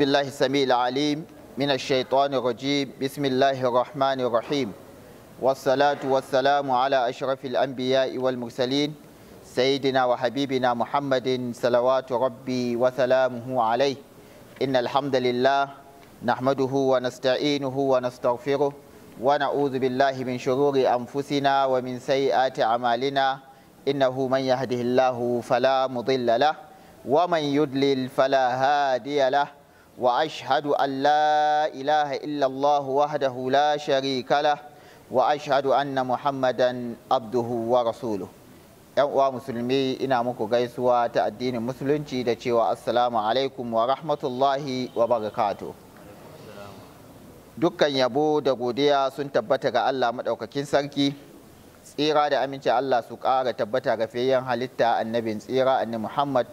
بالله السميع العليم من الشيطان الرجيم بسم الله الرحمن الرحيم والصلاة والسلام على أشرف الأنبياء والمرسلين سيدنا وحبيبنا محمد صلوات ربي وسلامه عليه إن الحمد لله نحمده ونستعينه ونستغفره ونعوذ بالله من شرور أنفسنا ومن سيئات أعمالنا إنه من يهده الله فلا مضل له ومن يدلل فلا هادي له واشهد ان لا اله الا الله وحده لا شريك له واشهد ان محمدا عبده ورسوله yan uwa musulmi ina muku gaisuwa ta addinin musulunci da cewa assalamu alaikum wa rahmatullahi wa barakatu dukkan yabo da godiya sun tabbata ga Allah maɗaukakin sarki tsira da amince Allah su ƙara tabbata ga fayyan halitta annabin tsira annabi Muhammad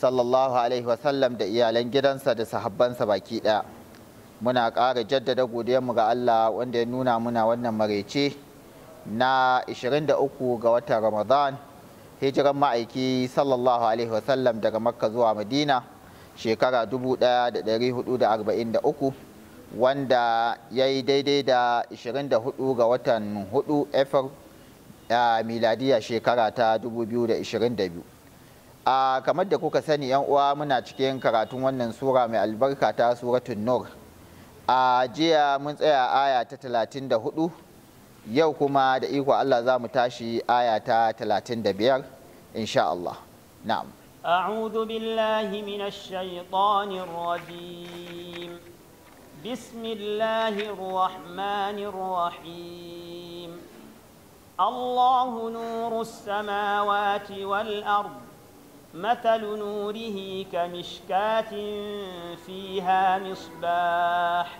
sallallahu alaihi wasallam da iyalan gidansa da sahabbansa baki ɗaya muna ƙara jaddada godiyarmu ga allah wanda ya nuna muna wannan marece na 23 ga watan ramadan hijiran ma'aiki sallallahu alaihi wasallam daga makka zuwa madina shekara 1443 wanda ya yi daidai da 24 ga watan 4 efir miladiya shekara ta 2022 a kamar da kuka sani yan uwa muna cikin karatun wannan sura mai albarka ta suratun nur a jiya mun tsaya aya ta 34 yau kuma da iko Allah za mu tashi aya ta 35 insha Allah na'am أعوذ بالله من الشيطان الرجيم بسم الله الرحمن الرحيم الله نور السماوات والأرض مثل نوره كمشكاة فيها مصباح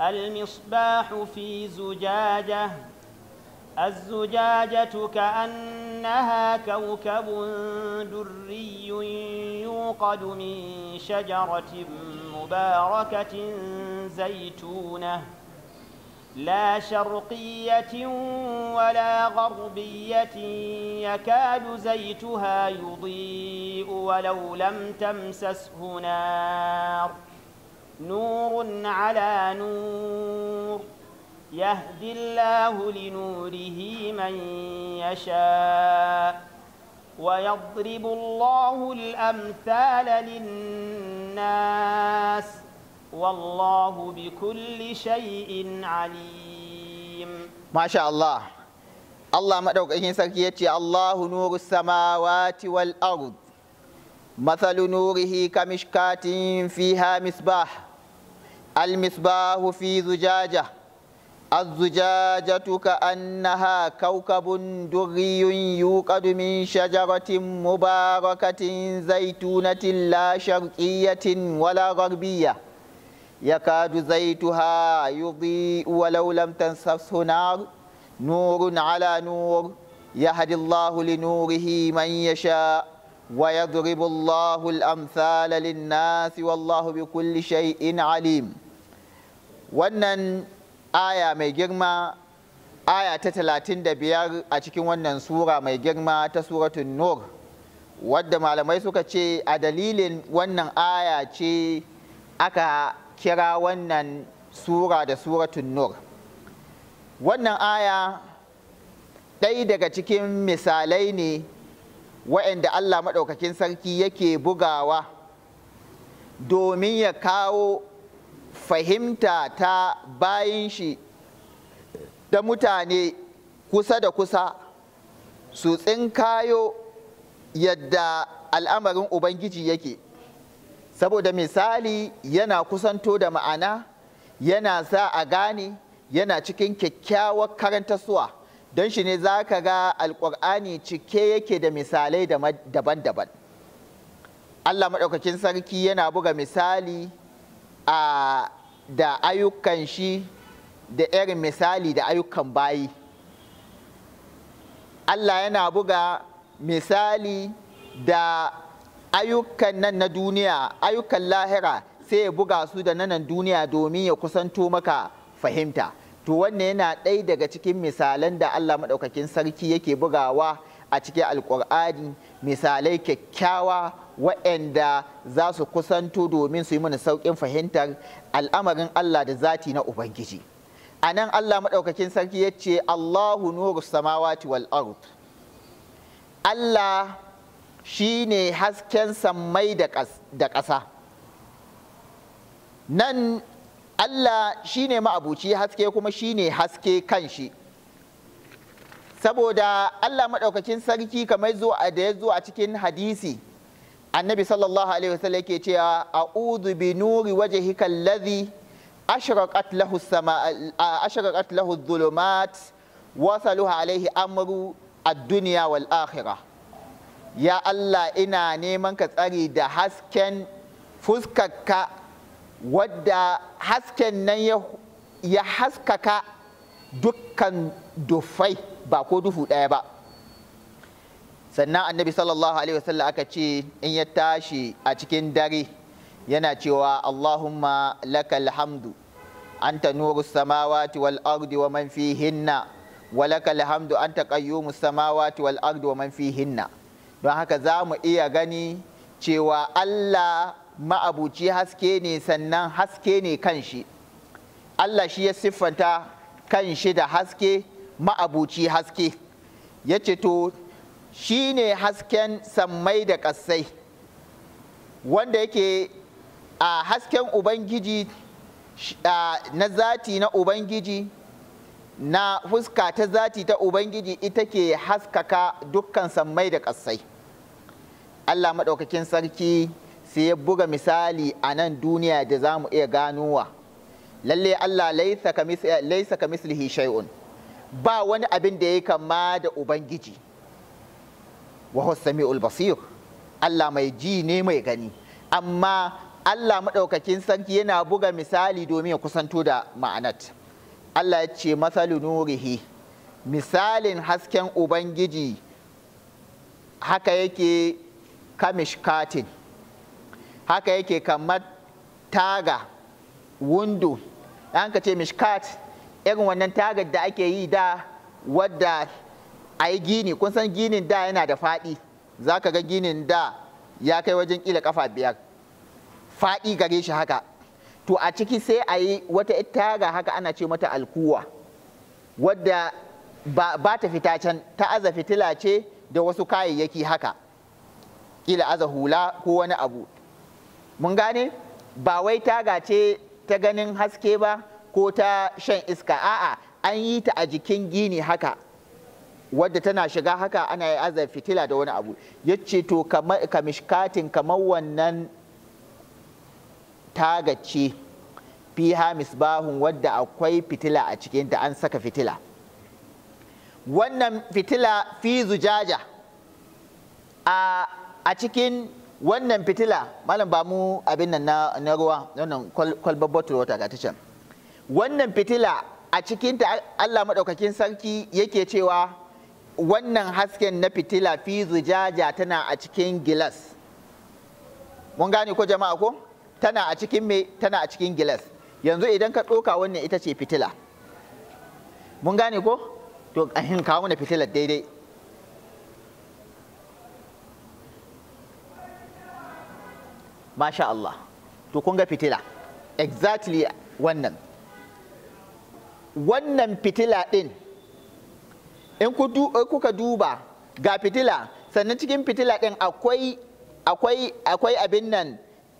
المصباح في زجاجة الزجاجة كأنها كوكب دري يوقد من شجرة مباركة زيتونه لا شرقية ولا غربية يكاد زيتها يضيء ولو لم تمسسه نار نور على نور يهدي الله لنوره من يشاء ويضرب الله الأمثال للناس ۖ والله بكل شيء عليم ما شاء الله الله مدوكين سكيتي الله نور السماوات والأرض مثل نوره كمشكات فيها مصباح المصباح في زجاجة الزجاجة كأنها كوكب دري يوقد من شجرة مباركة زيتونة لا شرقية ولا غربية يكاد زيتها يضيء ولو لم تمسسه نار نور على sha. يهدي الله لنوره من يشاء ويضرب الله الأمثال للناس والله بكل شيء عليم wannan aya mai girma aya ta talatin da biyar a cikin wannan sura mai girma ta suratun nur wadda malamai suka ce a dalilin wannan aya ce aka kira wannan sura da suratun nur wannan aya ɗaya daga cikin misalai ne waɗanda allah maɗaukakin sarki yake bugawa domin ya kawo fahimta ta bayan shi da mutane kusa da kusa su tsinkayo yadda al'amarin ubangiji yake saboda misali yana kusanto da ma'ana yana sa a gane yana cikin kyakkyawar karantarsuwa don shi ne za ka ga alƙur'ani cike yake da misalai daban-daban allah maɗaukakin sarki yana buga misali a da ayyukan shi da irin misali da ayyukan bayi allah yana buga misali da ayyukan nan na duniya ayyukan lahira sai ya buga su da nanan duniya domin ya kusanto maka fahimta to wannan yana ɗaya daga cikin misalan da Allah maɗaukakin sarki yake bugawa a cikin alƙur'ani misalai kyakkyawa waɗanda za su kusanto domin su yi mana sauƙin fahimtar al'amarin Allah da zati na Ubangiji a nan Allah maɗaukakin sarki ya ce Allahu nuru samawati wal ard Allah ne hasken sammai da ƙasa nan Allah shine ma'abuci haske kuma shine haske kanshi saboda Allah maɗaukakin sarki kamar zo a da ya zo a cikin hadisi annabi sallallahu alaihi wasallam yake cewa a'udhu bi nuri wajhika allazi ashraqat lahu sama ashraqat lahu dhulumat wasaluha alaihi amru ad-dunya wal akhirah ya Allah ina neman ka tsari da hasken fuskarka wadda hasken nan ya haskaka dukkan dufai ba ko duhu ɗaya ba sannan annabi sallallahu alaihi wasallam aka ce in ya tashi a cikin dare yana cewa allahumma lakal hamdu anta nuru samawati wal ardi wa man fihinna wa lakal hamdu anta qayyumus samawati wal ardi wa man fihinna don haka za mu iya gani cewa Allah ma'abuci haske ne sannan haske ne kan shi Allah shi ya siffanta kan shi da haske ma'abuci haske ya ce to shi ne hasken sammai da ƙasai wanda yake a hasken ubangiji na zati na ubangiji na fuska ta zati ta ubangiji ita ke haskaka dukkan sammai da ƙasai Allah maɗaukakin sarki sai ya buga misali a nan duniya da za mu iya ganowa lalle Allah laisa ka mislihi shay'un ba wani abin da ya kama da ubangiji sami'ul basir Allah mai ji ne mai gani amma Allah maɗaukakin sarki yana buga misali domin ya kusanto da ma'anat Allah ya ce masalu nurihi misalin hasken ubangiji haka yake kamishkatin haka yake kamar taga wundu an ka ce mishkat irin wannan tagar da ake yi da wadda a yi gini kun san ginin da yana da faɗi za ka ga ginin da ya kai wajen ƙila ƙafa biyar faɗi gare shi haka to a ciki sai a yi wata taga haka ana ce mata alkuwa wadda ba ta fita can ta aza fitila ce da wasu kayayyaki haka kila aza hula ko wani abu mun gane ba wai taga ce ta ganin haske ba ko ta shan iska a'a an yi ta a jikin gini haka wadda tana shiga haka ana yi aza fitila da wani abu ya ce to kamishkatin kamar wannan tagace fiha misbahun wadda akwai fitila a cikin da an saka fitila wannan fitila fi zujaja a a cikin wannan fitila malam ba mu abin nan na ruwa wannan kwalbar bottle water ga can wannan fitila a cikinta Allah maɗaukakin sarki yake cewa wannan hasken na fitila fi zujaja tana a cikin gilas mun gane ko jama'a ko tana a cikin me tana a cikin gilas yanzu idan ka ɗoka wannan ita ce fitila mun gane ko to ahin kawo mana fitilar daidai masha Allah to kun ga fitila exactly wannan wannan fitila din in kuka duba ga fitila sannan cikin fitila din akwai akwai akwai abin nan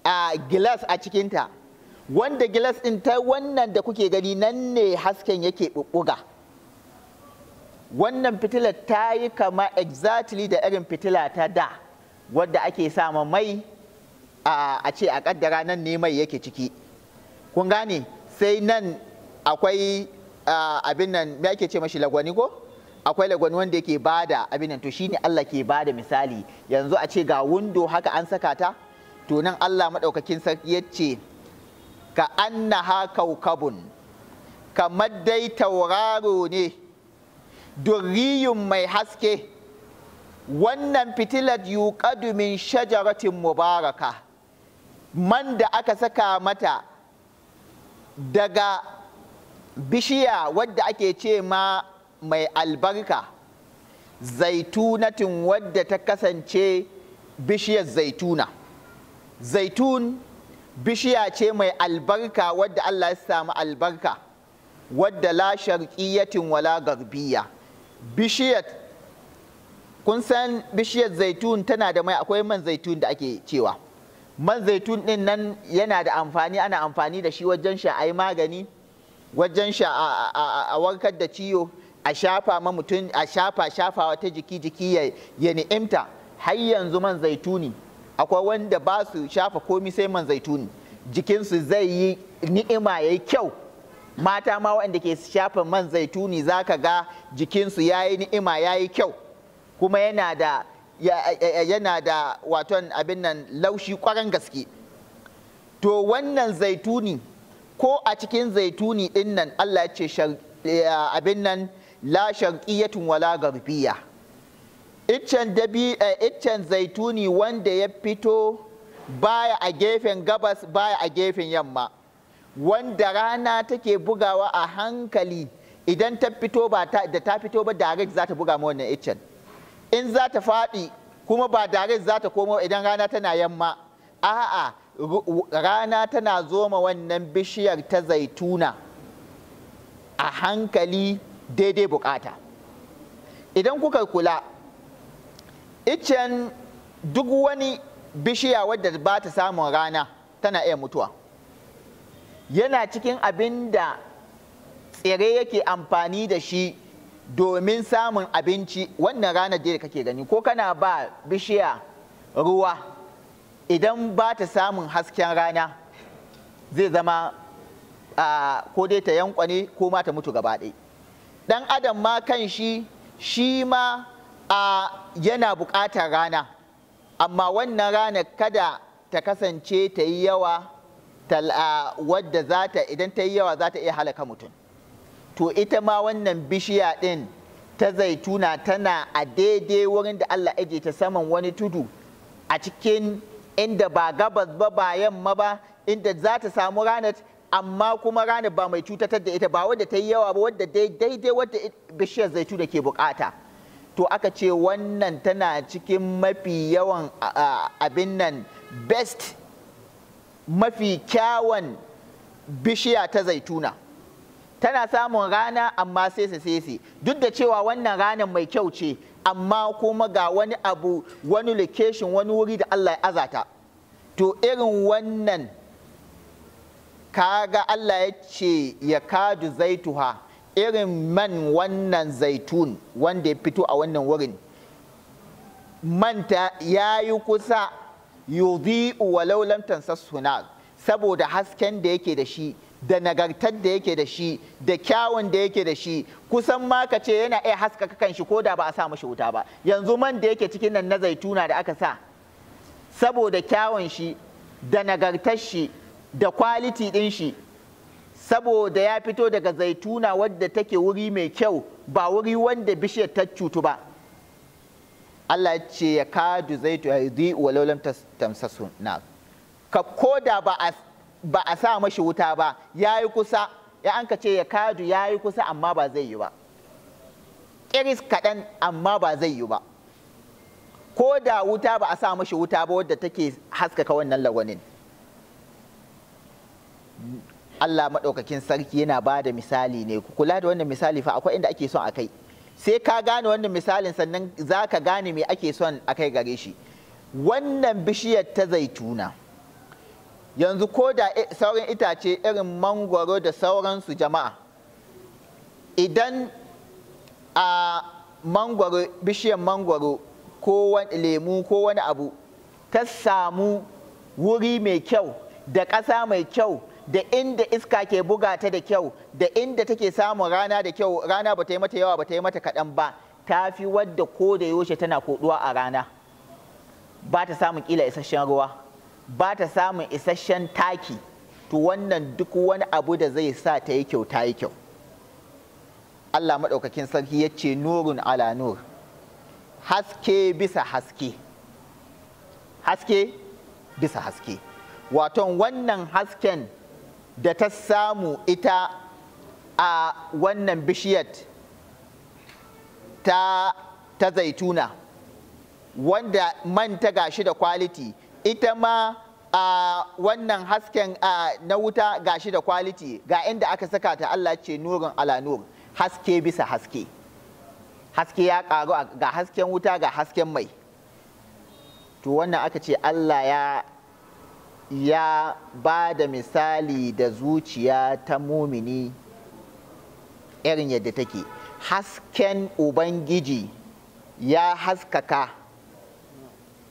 a gilas a cikinta wanda gilas ɗin ta wannan da kuke gani nan ne hasken yake bubuga wannan fitila ta yi kama exactly da irin fitila ta da wadda ake sama mai a ce a kaddara nan ne mai yake ciki kun gane sai nan akwai abin nan me ake ce mashi lagwani ko akwai lagwani wanda yake bada abin nan to shine Allah ke bada misali yanzu a ce ga wundo haka an saka ta to nan Allah madaukakin sarki ce, ka annaha kaukabun kamar dai tauraro ne durriyun mai haske wannan fitilar yuqadu min shajaratin mubaraka man da aka saka mata daga bishiya wadda ake ce ma mai albarka zaitunatin wadda ta kasance bishiyar zaituna zaitun bishiya ce mai albarka wadda Allah ya samu albarka wadda la sharqiyatin wala garbiya bishiyar kun san bishiyar zaitun tana da mai akwai man zaitun da ake cewa man zaitun din nan yana da amfani ana amfani da shi wajen sha a yi magani wajen sha a warkar da ciwo a shafa ma mutum a shafa shafawa ta jiki jiki ya ni'imta har yanzu man zaituni akwai wanda ba su shafa komi sai man zaituni jikinsu zai yi ni'ima ya yi kyau mata ma wanda ke shafa man zaituni za ka ga jikinsu ya yi ni'ima ya yi kyau kuma yana da yana da waton abin nan laushi kwaran gaske to wannan zaituni ko a cikin zaituni din nan Allah ya ce eh, abin nan la sharqiyatun wala garbiya iccen dabi eh, iccen zaituni wanda ya fito baya a gefen gabas baya a gefen yamma wanda rana take bugawa a hankali idan ta fito ba da ta fito ba direct za ta buga ma wannan iccen in za ta faɗi kuma ba dare za ta komo idan rana tana yamma a'a rana tana zoma wannan bishiyar ta zaituna a hankali daidai bukata idan kuka kula iccen duk wani bishiya wadda ba ta samun rana tana iya mutuwa yana cikin abin da tsire yake amfani da shi domin samun abinci wannan ranar da kake gani ko kana ba bishiya ruwa idan ba ta samun hasken rana zai zama ko dai ta yankwane ko ma ta mutu gaba ɗan adam ma kan shi shi ma yana buƙatar rana amma wannan rana kada ta kasance ta yi yawa wadda za ta idan ta yi yawa za ta iya halaka mutum to ita ma wannan bishiya ɗin ta zaituna tana a daidai wurin da Allah ajiye ta saman wani tudu a cikin inda ba gabas ba ba yamma ba inda za ta samu ranar amma kuma ranar ba mai cutatar da ita ba wadda ta yi yawa ba wadda daidai wadda bishiyar zaituna ke bukata to aka ce wannan tana cikin mafi yawan abin nan best mafi kyawan bishiya ta zaituna. tana samun rana amma sese sese duk da cewa wannan ranar mai kyau ce amma kuma ga wani abu wani location wani wuri da Allah ya azata to irin wannan kaga Allah ya ce ya kadu zaituha irin man wannan zaitun wanda ya fito a wannan wurin manta ya yi kusa yuzi walau lam saboda hasken da yake da shi da nagartar da yake da shi da kyawun da yake da shi kusan ma ka ce yana iya haskaka kanshi ko da ba a sa mashi wuta ba yanzu man da yake cikin nan na zaituna da aka sa saboda kyawun shi da nagartar shi da kwaliti ɗin shi saboda ya fito daga zaituna wadda take wuri mai kyau ba wuri wanda bishiyar ta cutu ba Allah ce ya kadu zaitu ya yi walau lam tamsasu na ka koda ba a ba a sa mashi wuta ba ya yi kusa ya an ce ya kadu ya yi kusa amma ba zai yi ba iris kaɗan amma ba zai yi ba ko da wuta ba a sa mashi wuta ba wadda take haskaka wannan lagwanin Allah maɗaukakin sarki yana ba da misali ne ku kula da wannan misali fa akwai inda ake son a kai sai ka gane wannan misalin sannan za ka gane me ake son a kai gare shi wannan bishiyar ta zaituna. yanzu ko da e, sauran itace irin mangoro da sauransu jama'a idan a mangoro, bishiyar mangoro, ko lemu ko wani abu ta samu wuri mai kyau da ƙasa mai kyau da inda iska ke buga ta da kyau da inda take samun rana da kyau rana ba ta yi mata yawa ba ta yi mata kaɗan ba ta fi wadda ko da yaushe tana koɗuwa a rana ba ta samun ƙila isasshen ruwa ba ta samun isasshen taki to wannan duk wani abu da zai sa ta yi kyau ta yi kyau Allah maɗaukakin sarki ya ce nurun ala nur haske bisa haske haske bisa haske waton wannan hasken da ta samu ita a wannan bishiyat ta, ta zaituna wanda manta gashi da kwaliti ita ma a wannan hasken na wuta ga shi da kwaliti ga inda aka saka ta Allah ce nurin ala nur haske bisa haske haske ya karu ga hasken wuta ga hasken mai to wannan aka ce Allah ya ya ba da misali da zuciya ta mumini irin yadda take hasken ubangiji ya haskaka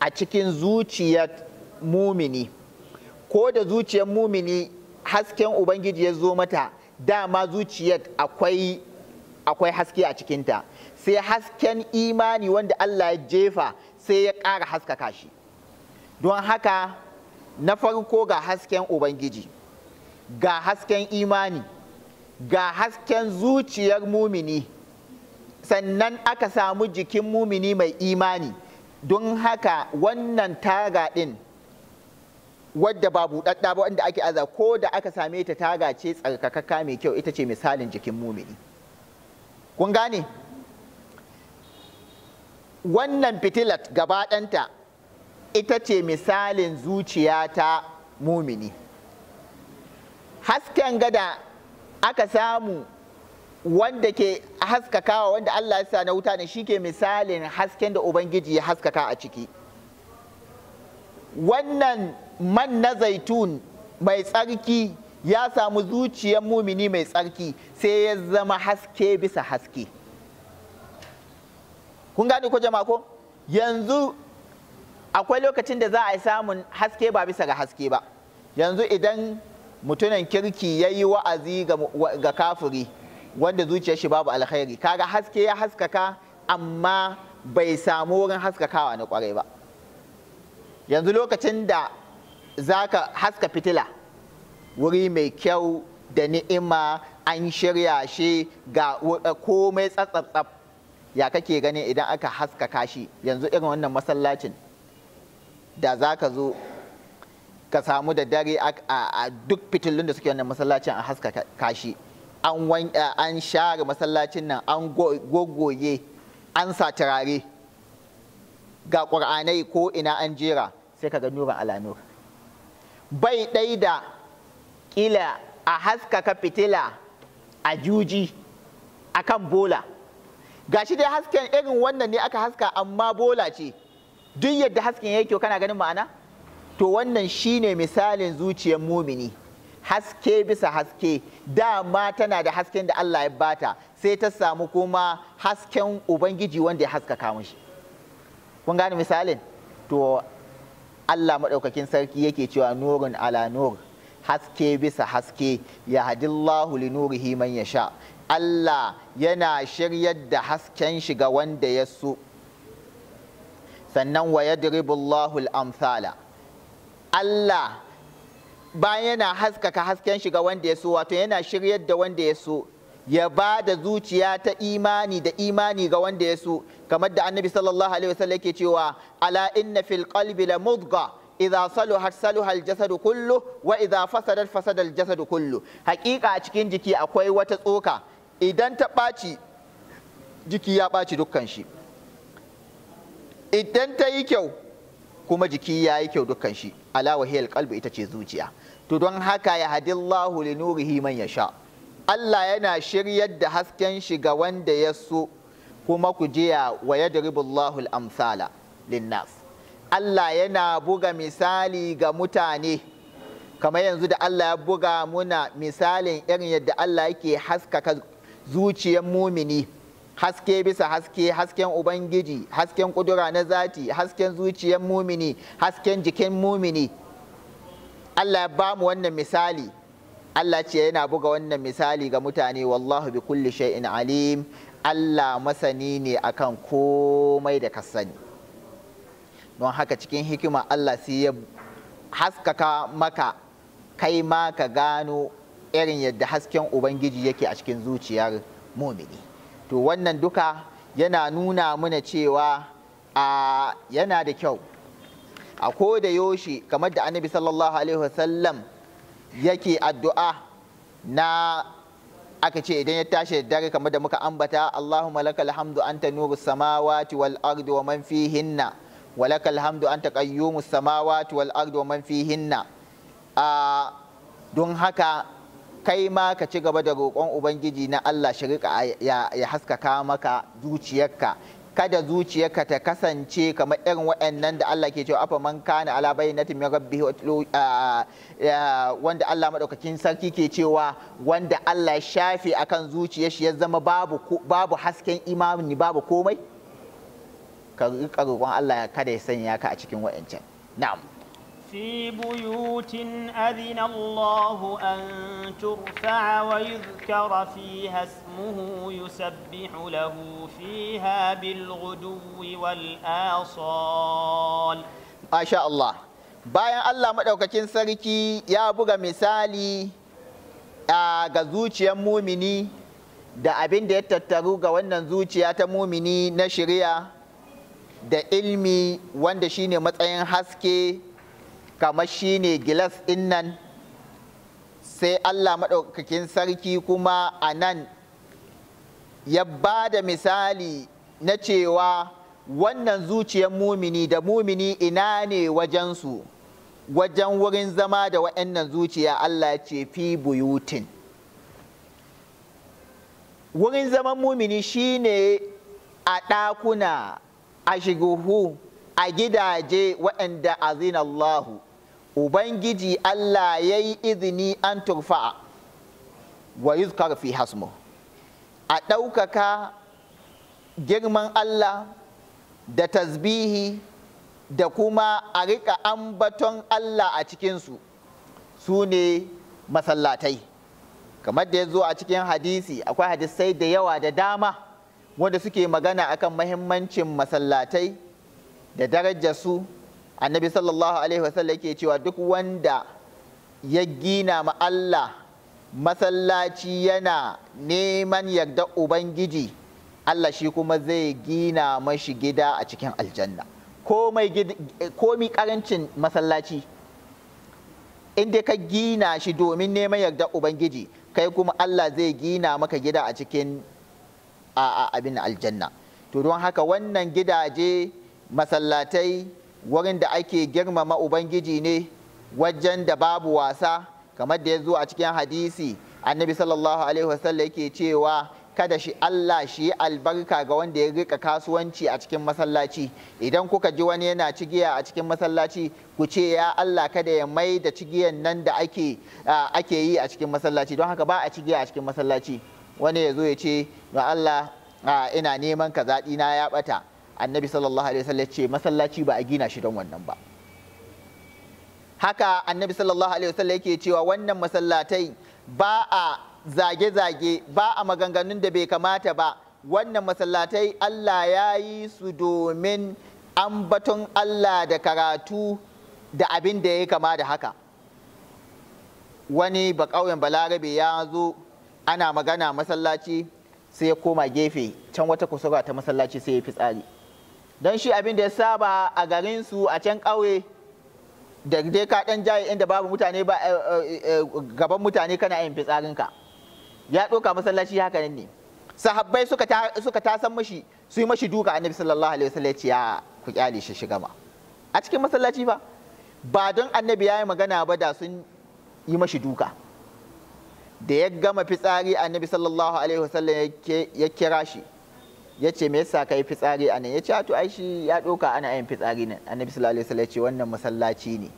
a cikin zuciyar mumini ko da zuciyar mumini hasken ubangiji ya zo mata dama zuciyar akwai haske a cikinta sai hasken imani wanda Allah ya jefa sai ya ƙara haskaka shi don haka na farko ga hasken ubangiji ga hasken imani ga hasken zuciyar mumini sannan aka samu jikin mumini mai imani don haka wannan taga ɗin wadda ba buɗaɗɗa ba wanda ake aza ko da aka same ta taga ce tsarkakakka mai kyau ita ce misalin jikin mumini kun gane wannan fitilat gabaɗanta ita ce misalin zuciya ta mumini hasken gada aka samu wanda ke haskakawa wanda Allah ya sa na wuta ne ke misalin hasken da ubangiji ya haskaka a ciki wannan man na zaitun mai tsarki ya samu zuciyar mumini mai tsarki sai ya zama haske bisa haske kun gane ko jama'a ko yanzu akwai lokacin da za a yi samun haske ba bisa ga haske ba yanzu idan mutumin kirki ya yi wa'azi ga kafiri wanda zuciyar shi babu alkhairi kaga haske ya haskaka amma bai samu wurin haskakawa na kwarai ba yanzu lokacin da za ka haska fitila wuri mai kyau da ni'ima an shirya shi ga eh, komai tsatsatsap ya kake gani idan aka haskaka shi yanzu irin wannan masallacin da za ka zo ka samu da dare a duk fitilun da suke wannan masallacin a haskaka shi Eh, an share masallacin nan an goggoye an sa ga ƙur'anai ko ina an jera sai ka ga nuran alanur bai ɗai da ƙila a haskaka fitila a juji a kan bola gashi dai hasken irin wannan ne aka haska amma bola ce duk yadda hasken yake kana ganin ma'ana to wannan shine misalin zuciyar mumini. haske bisa haske dama tana da hasken da Allah ya bata sai ta samu kuma hasken ubangiji wanda ya haskaka mishi kun gane misalin to Allah maɗaukakin sarki yake cewa nurin ala nur haske bisa haske ya hadillahu li nurihi man yasha Allah yana shiryar da hasken shi ga wanda ya so sannan wa yadribullahu al-amthala Allah bayan yana haskaka hasken shiga wanda ya so wato yana shiryar da wanda ya so ya ba da zuciya ta imani da imani ga wanda ya so kamar da annabi sallallahu alaihi wasallam yake cewa ala inna fil qalbi la mudga idza saluha saluha al jasad kullu wa idza fasada fasada al jasad kullu hakika a cikin jiki akwai wata tsoka idan ta ɓaci jiki ya ɓaci dukkan shi idan ta yi kyau kuma jiki ya yi kyau dukkan shi ala wahiyar kalbi ita ce zuciya to don haka ya hadillahu li nurihi man yasha Allah yana shiryar da hasken shi ga wanda ya so kuma ku jiya wa Allahu al-amsala linnas Allah yana buga misali ga mutane kamar yanzu da Allah ya buga muna misalin irin yadda Allah yake haskaka zuciyar mumini haske bisa haske hasken ubangiji hasken kudura na zati hasken zuciyar mumini hasken jikin mumini Allah ya ba mu wannan misali Allah ce yana buga wannan misali ga mutane wallahu bi kulli shay'in alim Allah masani ne akan komai da ka sani don haka cikin hikima Allah sai ya haskaka maka kai ma ka gano irin yadda hasken Ubangiji yake a cikin zuciyar mumini to wannan duka yana nuna mana cewa a yana da kyau a ko da yoshi kamar da annabi sallallahu alaihi wasallam yake addu'a na aka ce idan ya tashi da dare kamar da muka ambata Allahumma lakal hamdu anta nurus samawati wal ardi wa man fihinna wa hamdu anta qayyumus samawati wal ardi wa man fihinna a don haka kai ma ka ci gaba da roƙon ubangiji na Allah shirika ya haskaka maka zuciyarka kada zuciyarka ta kasance kamar irin waɗannan da Allah ke cewa afa man kana ala bayyinatin min rabbih ah, ah, ah, wanda Allah madaukakin sarki ke cewa wanda Allah ya shafe akan zuciyar shi ya zama babu babu hasken imani babu komai ka roƙon Allah kada ya sanya ka a cikin waɗancan na'am في بيوت أذن الله أن ترفع ويذكر فيها اسمه يسبح له فيها بالغدو والآصال ما شاء الله bayan Allah maɗaukacin sarki ya buga misali ga zuciyar mumini da abin da ya tattaru ga wannan zuciya ta mumini na shirya da ilmi wanda shine matsayin haske kamar shi ne gilas ɗin nan sai Allah maɗaukakin sarki kuma a nan ya ba da misali na cewa wannan zuciyar mumini da mumini ina ne wajensu wajen wurin zama da wa'annan zuciya Allah ce fi buyutin wurin zaman mumini shine a ɗakuna a shiguhu a gidaje waɗanda azina Allahu Ubangiji Allah ya yi izini an turfa wa yuzkar fi hasmo a ɗaukaka girman Allah da tasbihi da kuma a riƙa ambaton Allah a cikinsu su ne masallatai kamar da ya zo a cikin hadisi akwai hadisai da yawa da dama wanda suke magana akan mahimmancin masallatai da su annabi sallallahu alaihi wasallam yake cewa duk wanda ya gina ma Allah masallaci yana neman yarda ubangiji Allah shi kuma zai gina mashi gida a cikin aljanna Ko mai karancin masallaci in dai ka gina shi domin neman yarda ubangiji kai kuma Allah zai gina maka gida a cikin abin aljanna to don haka wannan gidaje masallatai wurin da ake girmama ubangiji ne wajen da babu wasa kamar da ya zo a cikin hadisi annabi sallallahu alaihi wasallam yake cewa kada shi Allah shi albarka ga wanda ya rika kasuwanci a cikin masallaci idan kuka ji wani yana cigiya a cikin masallaci ku ce ya Allah kada ya mai da cigiyan nan da ake ake yi a cikin masallaci don haka ba a cigiya a cikin masallaci wani ya zo ya ce ga Allah ina neman ka zaɗi na ya ɓata. annabi sallallahu alaihi wasallam ce masallaci ba a gina shi don wannan ba haka annabi sallallahu alaihi wasallam yake cewa wannan masallatai ba a zage-zage ba a maganganun da bai kamata ba wannan masallatai Allah ya yi su domin ambaton Allah da karatu da abin da ya kama da haka wani ba ƙauyen balarabe ya zo ana magana masallaci sai ya koma gefe can wata kusura ta masallaci sai ya fi tsari don shi abin da ya saba a garin su a can ƙauye da dai ka ɗan jaye inda babu mutane ba eh, eh, eh, gaban mutane kana yin fitsarinka ya ɗauka masallaci haka ne sahabbai suka tasan mashi su yi mashi duka annabi sallallahu alaihi wasallam ya ku kyale shi shiga ma a cikin masallaci fa ba don annabi ya yi magana ba da sun yi mashi duka da ya gama fitsari annabi sallallahu alaihi wasallam ya kira shi ya ce me yasa kai fitsari anan ya ce to ai shi ya doka ana yin fitsari nan annabi sallallahu alaihi wasallam ya wannan masallaci ne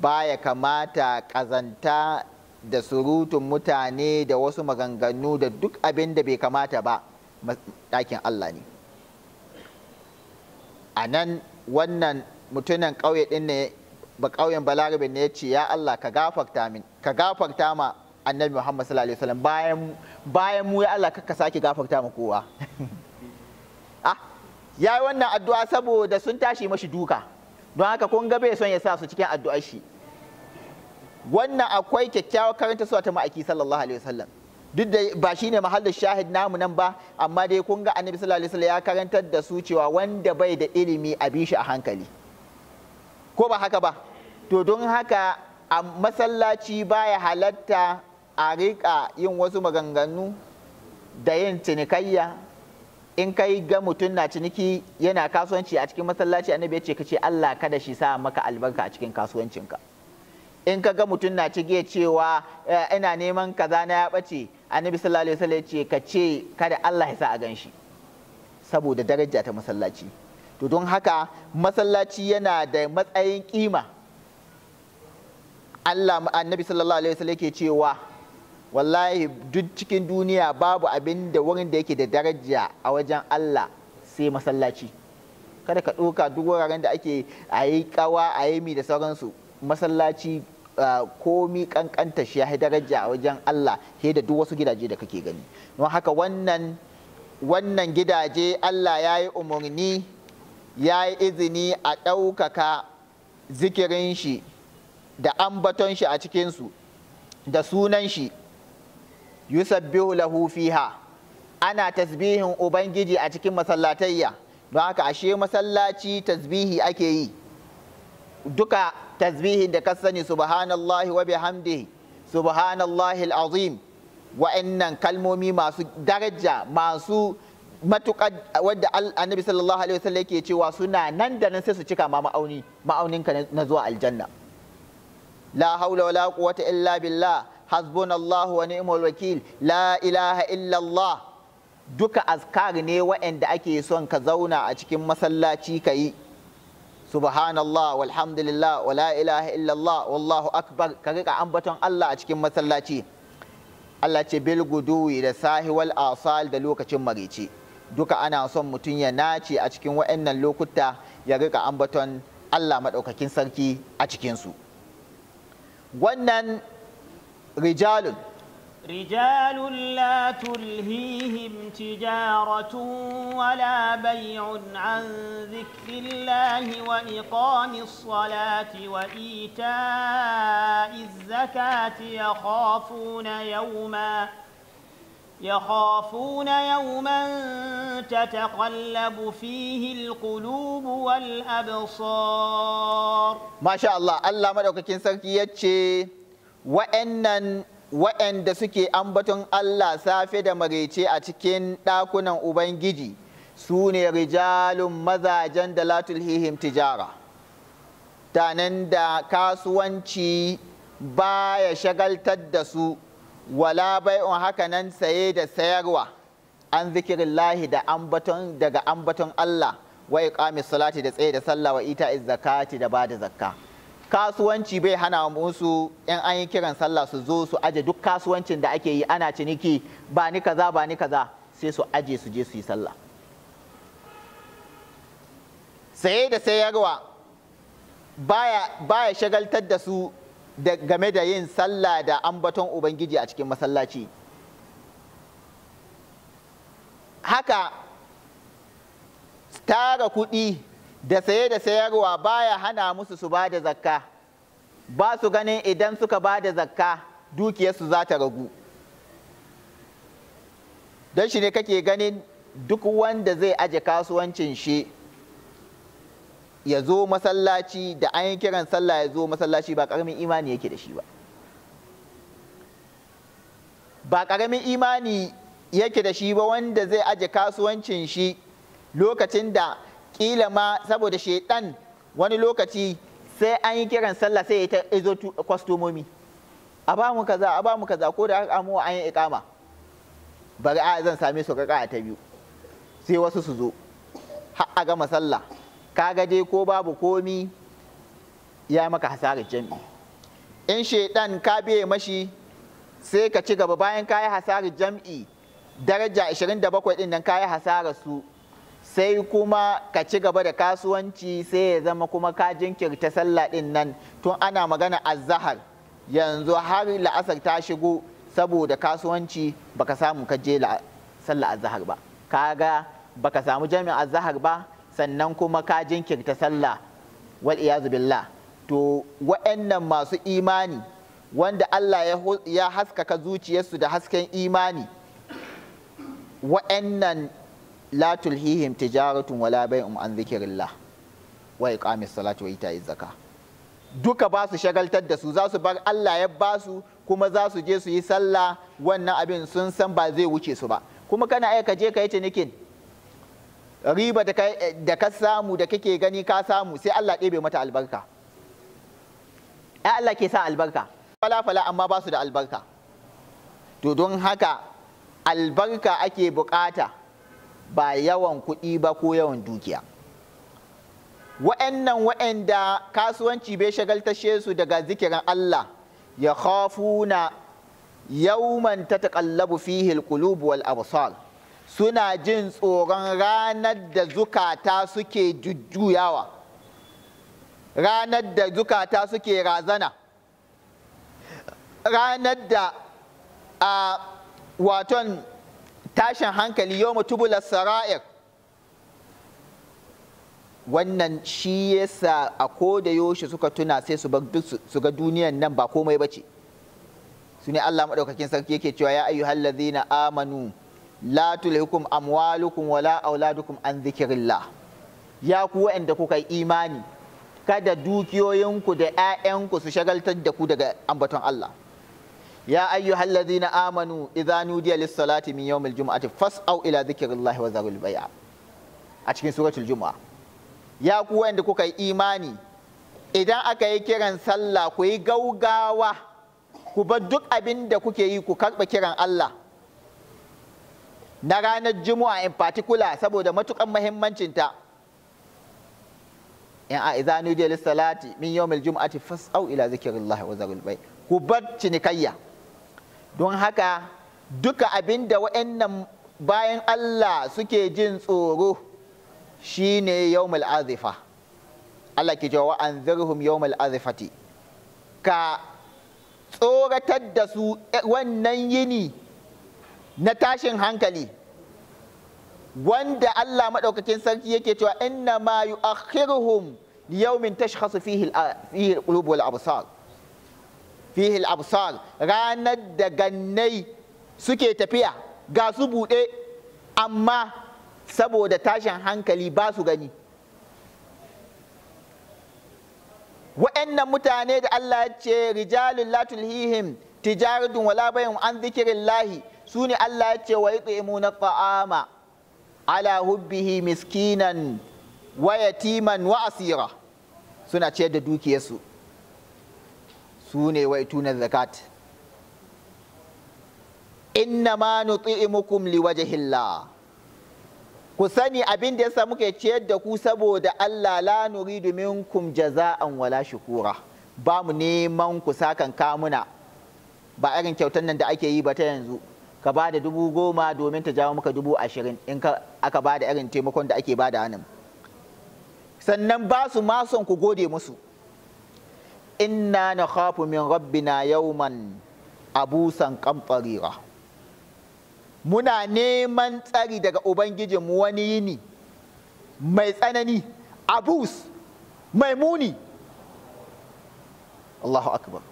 baya kamata kazanta da surutun mutane da wasu maganganu da duk abin da bai kamata ba ɗakin Allah ne a nan wannan mutunan ƙauye ɗin ne ba ƙauyen balarabe ne ya ce ya Allah ka gafarta min ka gafarta ma annabi Muhammad sallallahu alaihi wasallam bayan mu ya Allah kakka sake gafarta mu kowa ah yayi wannan addu'a saboda sun tashi mashi duka don haka kun ga bai son ya sa su cikin addu'ar shi wannan akwai kyakkyawar karanta suwa ta ma'aiki sallallahu alaihi wasallam duk da ba shi ne mahallin shahid namu nan ba amma dai kun ga annabi sallallahu alaihi wasallam ya karantar da su cewa wanda bai da ilimi a bi shi a hankali ko ba haka ba to don haka a masallaci baya halatta a riƙa yin wasu maganganu da yin cinikayya in kai ga mutum na ciniki yana kasuwanci a cikin masallaci annabi ya ce ka ce Allah kada shi sa maka albarka a cikin kasuwancinka in ka ga mutum na cige cewa eh, ina neman kaza na ya bace annabi sallallahu alaihi wasallam ya ce ka ce kada Allah ya sa a ganshi saboda daraja ta masallaci to don haka masallaci yana da matsayin kima Allah annabi sallallahu alaihi wasallam yake cewa wallahi duk cikin duniya babu abin da wurin da yake da daraja a wajen Allah sai masallaci kada ka ɗoka duk wuraren da ake a yi kawa a yi mi da sauransu masallaci komi kankanta shi ya daraja a wajen Allah he da duk wasu gidaje da kake gani don haka wannan wannan gidaje Allah ya yi umarni ya yi izini a ɗaukaka zikirin shi da ambaton shi a cikinsu da sunan shi yusabbihu lahu fiha ana tasbihin ubangiji a cikin masallatayya don haka ashe masallaci tasbihi ake yi duka tasbihin da ka sani subhanallahi wa bihamdihi subhanallahi alazim wa'annan kalmomi masu daraja masu matuƙar wadda annabi sallallahu alaihi wasallam yake cewa suna nan da nan sai su cika ma ma'auni ma'auninka na zuwa aljanna la haula wala quwwata illa billah hasbunallahu wa ni'mal wakil la ilaha illallah duka azkar ne waɗanda ake son ka zauna a cikin masallaci ka yi subhanallah walhamdulillah wa la ilaha illallah wallahu akbar ka rika ambaton Allah a cikin masallaci Allah ce bil guduwi da sahiwal asal da lokacin marici duka ana son mutum ya nace a cikin waɗannan lokuta ya rika ambaton Allah madaukakin sarki a cikinsu. Wannan رجال رجال لا تلهيهم تجارة ولا بيع عن ذكر الله وإقام الصلاة وإيتاء الزكاة يخافون يوما يخافون يوما تتقلب فيه القلوب والأبصار ما شاء الله الله مدعوك كنسك يتشي wa'annan wa'anda suke ambaton Allah safe da marece a cikin ɗakunan Ubangiji su ne rijalun mazajen da latulhihim tijara tanan da kasuwanci baya shagaltar da su wala bai'un hakanan saye da sayarwa an zikirin lahi da ambaton daga ambaton Allah wa iqamis salati da tsaye da sallah wa ita'iz zakati da bada zakka kasuwanci bai hana musu yan an yi kiran sallah su zo su aje duk kasuwancin da ake yi ana ciniki ba ni kaza ba ni kaza sai su aje su je su yi sallah saye da sayarwa baya baya shagaltar da su da game da yin sallah da ambaton ubangiji a cikin masallaci haka tara kuɗi da saye da sayarwa baya hana musu su ba da zakka ba su ganin idan suka ba da zakka dukiyarsu za ta ragu don shi ne kake ganin duk wanda zai aje kasuwancin shi ya zo masallaci da an yi kiran sallah ya zo masallaci ba karamin imani yake da shi ba ba karamin imani yake da shi ba wanda zai aje kasuwancin shi lokacin da kila ma saboda shaidan wani lokaci sai an yi kiran sallah sai ya zo kwastomomi a ba mu kaza a ba mu kaza ko da aka amuwa an yi ikama bari a zan same su kaka ta biyu sai wasu su zo har a gama sallah ga dai ko babu komi ya maka hasarar jami'i in shaidan ka biye mashi sai ka ci gaba bayan ka yi hasarar jam'i daraja 27 din nan ka yi hasarar su sai kuma ka ci gaba da kasuwanci sai ya zama kuma ka jinkirta sallah din nan tun ana magana azahar yanzu har la'asar ta shigo saboda kasuwanci baka samu ka je sallah azahar ba kaga baka samu jami'a azahar ba sannan kuma ka jinkirta sallah wal iyazu billah to wa'annan masu imani wanda Allah ya haskaka zuciyarsu da hasken imani wa'annan la tulhihim tijaratun wala bai'un an zikirillah wa iqamis salati wa ita'iz zaka duka ba su shagaltar da su za su bar Allah ya ba su kuma za su je su yi sallah wannan abin sun san ba zai wuce su ba kuma kana aika je ka yi cinikin riba da ka samu da kake gani ka samu sai Allah ɗebe mata albarka ai Allah ke sa albarka fala fala amma ba su da albarka to don haka albarka ake bukata ba yawan kuɗi ba ko yawan dukiya wa'annan wa'anda kasuwanci bai shagaltashe su daga zikirin Allah ya khafuna yawman taƙallabu fihi alqulub wal absar suna jin tsoron ranar da zukata suke jujjuyawa ranar da zukata suke razana ranar da a waton tashin hankali yau bula sara'ir wannan shi yasa a koda yoshi suka tuna sai su su ga duniyan nan ba komai ba ce su ne Allah maɗaukakin sarki yake cewa ya ayyu hallazina amanu la tulhikum amwalukum wala auladukum an zikirillah ya ku wa'anda kuka yi imani kada dukiyoyinku da 'ya'yanku su shagaltar da ku daga ambaton Allah ya ayyuhal ladina amanu idza nudiya lis salati min yawmil jum'ati fas'au ila dhikrillahi wa zarul bai'a a cikin suratul jumu'a ya ku wanda kuka yi imani idan aka yi kiran sallah ku yi gaugawa ku bar duk abin da kuke yi ku karɓa kiran Allah na ranar juma'a in particular saboda matukan muhimmancinta in a idza salati min yawmil jum'ati fas'au ila dhikrillahi wa zarul bai'a ku bar cinikayya don haka duka abin da wa'annan bayan Allah suke jin tsoro shine yawmul azifa Allah ke cewa an zirhum yawmul azifati ka tsoratar da su wannan yini na tashin hankali wanda Allah maɗaukakin sarki yake cewa inna ma yu'akhiruhum yawmin tashkhasu fihi al-qulub wal absar fihil absar ranar da gannai suke tafiya ga su buɗe amma saboda tashin hankali ba su gani wa'annan mutane da Allah ya ce rijalun latul hihim tijaratun wala bayan an zikirin su ne Allah ya ce wa yi na ta'ama ala hubbihi miskinan wa yatiman wa asira suna ce da dukiyarsu su ne wai tuna zakat inna ma nuti'imukum liwajhillah ku sani abin da yasa muke ciyar da ku saboda Allah la nuridu minkum jaza'an wala shukura ba mu neman ku sakan kamuna ba irin kyautan nan da ake yi ba ta yanzu ka ba da dubu goma domin ta jawo maka dubu ashirin in ka aka ba da irin taimakon da ake ba da hannun sannan ba su ma son ku gode musu inna na khafu min rabbina yawman abusan kamfarira muna neman tsari daga ubangijinmu wani yini mai tsanani abus mai muni Allahu akbar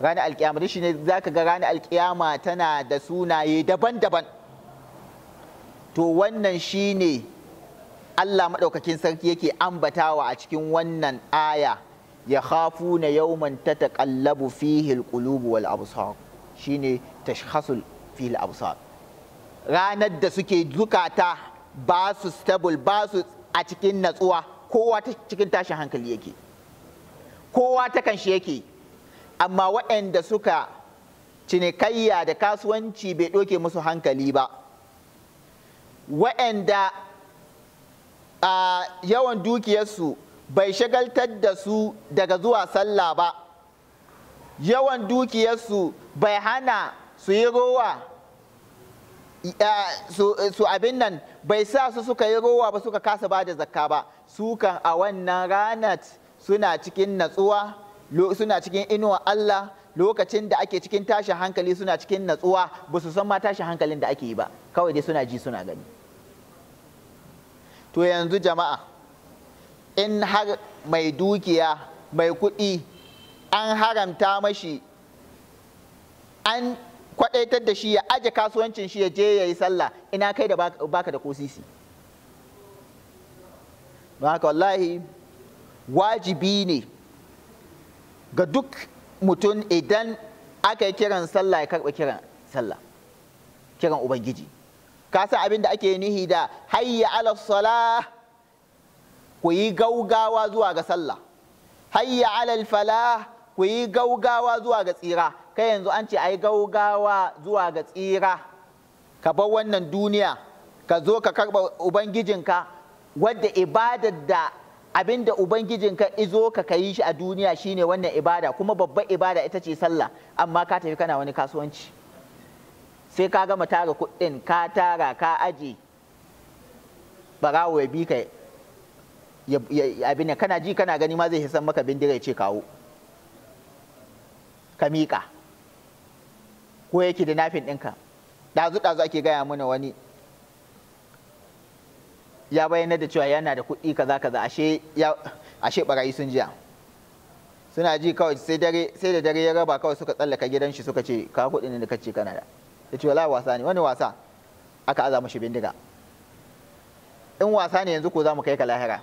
ranar alkiyama shi ne za ka ga ranar alkiyama tana da sunaye daban-daban to wannan shi ne Allah maɗaukakin sarki yake ambatawa a cikin wannan aya Ya hafu yakhafuna yawman taƙallabu fihil ƙulubu wal absar shine tashkhasul fihi fihil absar ranar da suke zukata ba su stable ba su a cikin natsuwa kowa ta cikin tashin hankali yake kowa ta kan shi yake amma waɗanda suka cinikayya da kasuwanci bai ɗoke musu hankali ba waɗanda a ah, yawan dukiyarsu bai shagaltar da su daga zuwa sallah ba yawan dukiyarsu bai hana su yi rowa su abin nan bai sa su suka yi rowa ba suka kasa ba da zakka ba sukan a wannan ranar suna cikin natsuwa suna cikin inuwa Allah lokacin da ake cikin tashin hankali suna cikin natsuwa ba su san ma tashin hankalin da ake yi ba kawai dai suna ji suna gani to yanzu jama'a in har mai dukiya mai kuɗi an haramta mashi an kwadaitar da shi ya aje kasuwancin shi ya je ya yi sallah ina kai da baka da kosisi haka wallahi wajibi ne ga duk mutum idan aka yi kiran sallah ya karɓa kiran sallah kiran ubangiji ka san abin da ake nihi da hayya ala salah ku yi gaugawa zuwa ga sallah hayya alal falah ku yi gaugawa zuwa ga tsira kai yanzu an ce ai gaugawa zuwa ga tsira ka bar wannan duniya ka zo ka karba ubangijinka wadda ibadar da abinda da ubangijinka izo ka kayi shi a duniya shine wannan ibada kuma babbar ibada ita ce sallah amma ka tafi kana wani kasuwanci sai ka gama tara kuɗin ka tara ka aje barawo ya bi ka abin kana ji kana gani ma zai san maka bindiga ya ce kawo ka miƙa ko yake da nafin ɗinka ɗazu ɗazu ake gaya mana wani ya bayyana da cewa yana da kuɗi kaza kaza ashe ya ashe barayi sun jiya suna ji kawai sai dare sai da dare ya raba kawai suka tsallaka gidan shi suka ce ka kuɗi ne da kace kana da ya ce wallahi wasa ne wani wasa aka aza mashi bindiga in wasa ne yanzu ko za mu kai ka lahira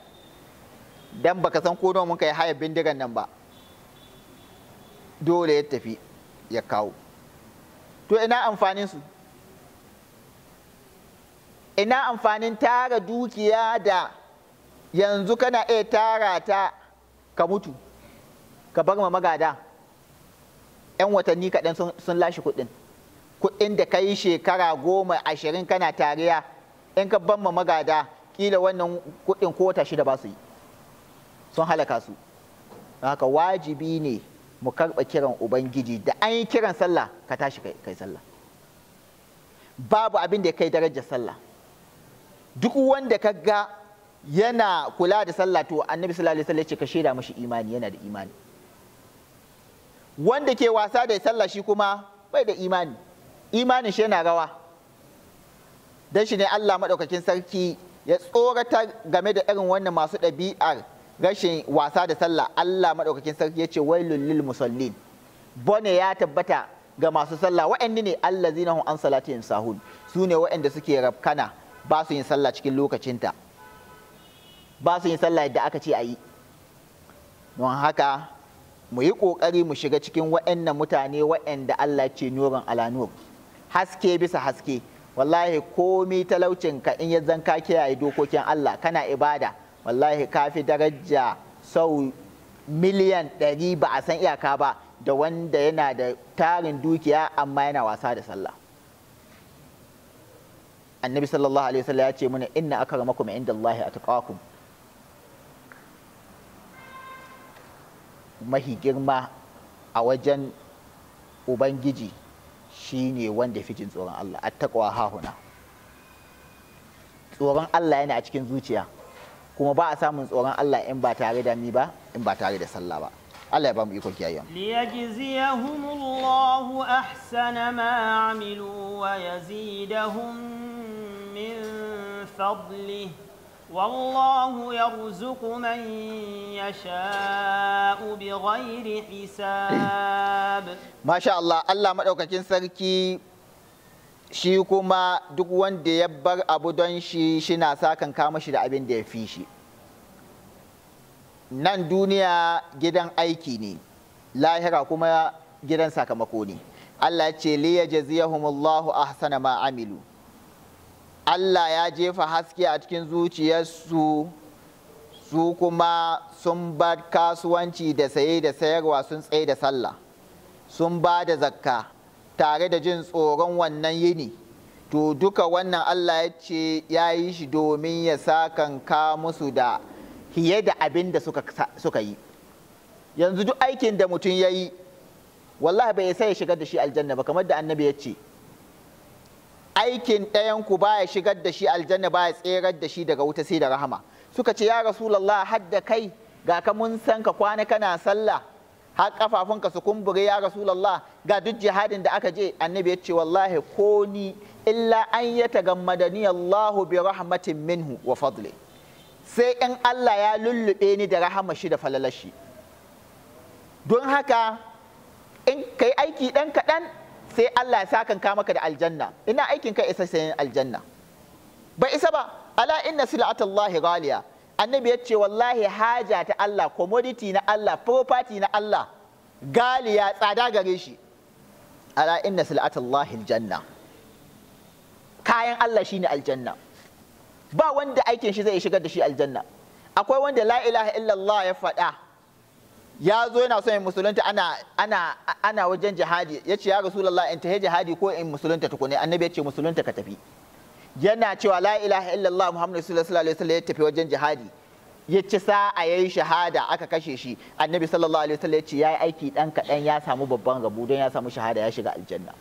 dan baka san ko mun kai haya bindigan nan ba dole ya tafi ya kawo to ina amfanin su ina amfanin tara dukiya da yanzu kana iya tara ta ka mutu ka bar ma magada 'yan watanni kaɗan sun lashe kuɗin kuɗin da ka yi shekara goma ashirin kana tariya in ka ban ma magada kila wannan kuɗin ko shida ba su yi sun halaka su haka wajibi ne mu karɓa kiran ubangiji da an yi kiran sallah ka tashi kai sallah babu abin da ya kai darajar sallah duk wanda ka ga yana kula da sallah to annabi sallallahu alaihi ce ka shaida mashi imani yana da imani wanda ke wasa da sallah shi kuma bai da imani imanin shi yana rawa dan shi ne Allah madaukakin sarki ya tsoratar game da irin wannan masu ɗabi'ar rashin wasa da sallah Allah madaukakin sarki ya yace wailul lil musallin bone ya tabbata ga masu sallah wa'anni ne allazina hum an salatihim sahun su ne wa'anda suke rabkana ba su yin sallah cikin lokacinta ba su yin sallah yadda aka ce a yi don haka mu yi ƙoƙari mu shiga cikin wa'annan mutane wa'anda Allah ce nurin ala nur haske bisa haske wallahi komi talaucinka in ya zanka kiyaye dokokin Allah kana ibada wallahi kafi daraja sau miliyan ɗari ba a san iyaka ba da wanda yana da tarin dukiya amma yana wasa da sallah annabi sallallahu alaihi wasallam ya ce mana inna akramakum inda Allah taqakum mahi girma a wajen ubangiji shine wanda fi jin tsoron Allah attaqwa hahuna tsoron Allah yana a cikin zuciya kuma ba a samun tsoron Allah in ba tare da ni ba in ba tare da sallah ba Allah ya ba mu iko kiyaye liyajziyahumullahu ahsana ma amilu wa yazidahum min fadli والله يرزق من يشاء بغير حساب ما شاء الله الله مدوكاكين سركي shi kuma duk wanda ya bar abu don shi shina sakan kama shi da abin da ya fi shi nan duniya gidan aiki ne lahira kuma gidan sakamako ne Allah ce liya jaziyahumullahu ahsana ma amilu Allah ya jefa haske a cikin zuciyarsu su kuma sun ba kasuwanci da saye da sayarwa sun tsaye da sallah sun ba da zakka tare da jin tsoron wannan yini to duka wannan Allah ya ce ya yi shi domin ya sakanka musu da hiye da abin da suka yi yanzu duk aikin da mutum ya yi wallahi bai sai ya shigar da shi aljanna ba kamar da annabi ya ce aikin ɗayan ku baya shigar da shi aljanna ya tserar da shi daga wuta sai da rahama suka ce ya rasulallah hadda kai ga ka mun san ka kwana kana sallah har ka su kumbure ya rasulullah ga duk jihadin da aka je annabi ya ce wallahi ko ni illa an ya tagammadani Allahu bi rahmatin minhu wa fadli sai in Allah ya lullube ni da rahama shi da falalashi don haka in kai aiki dan kaɗan sai Allah ya sakan ka maka da aljanna ina aikin ka isa sayan aljanna ba isa ba ala inna sil'atullahi ghaliya annabi ya ce wallahi haja ta Allah commodity na Allah property na Allah galiya tsada gare shi ala inna sil'atullahi aljanna kayan Allah shine aljanna ba wanda aikin shi zai shigar da shi aljanna akwai wanda la ilaha illallah ya faɗa ya zo yana son musulunta ana ana ana wajen jihadi ya ce ya rasulullah in tahe jihadi ko in musulunta tukune annabi ya ce musulunta ka tafi yana cewa la ilaha illallah muhammadu sallallahu alaihi wasallam ya tafi wajen jihadi ya ci sa a yayi shahada aka kashe shi annabi sallallahu alaihi wasallam ya ce ya yi aiki dan kaɗan ya samu babban rabu don ya samu shahada ya shiga aljanna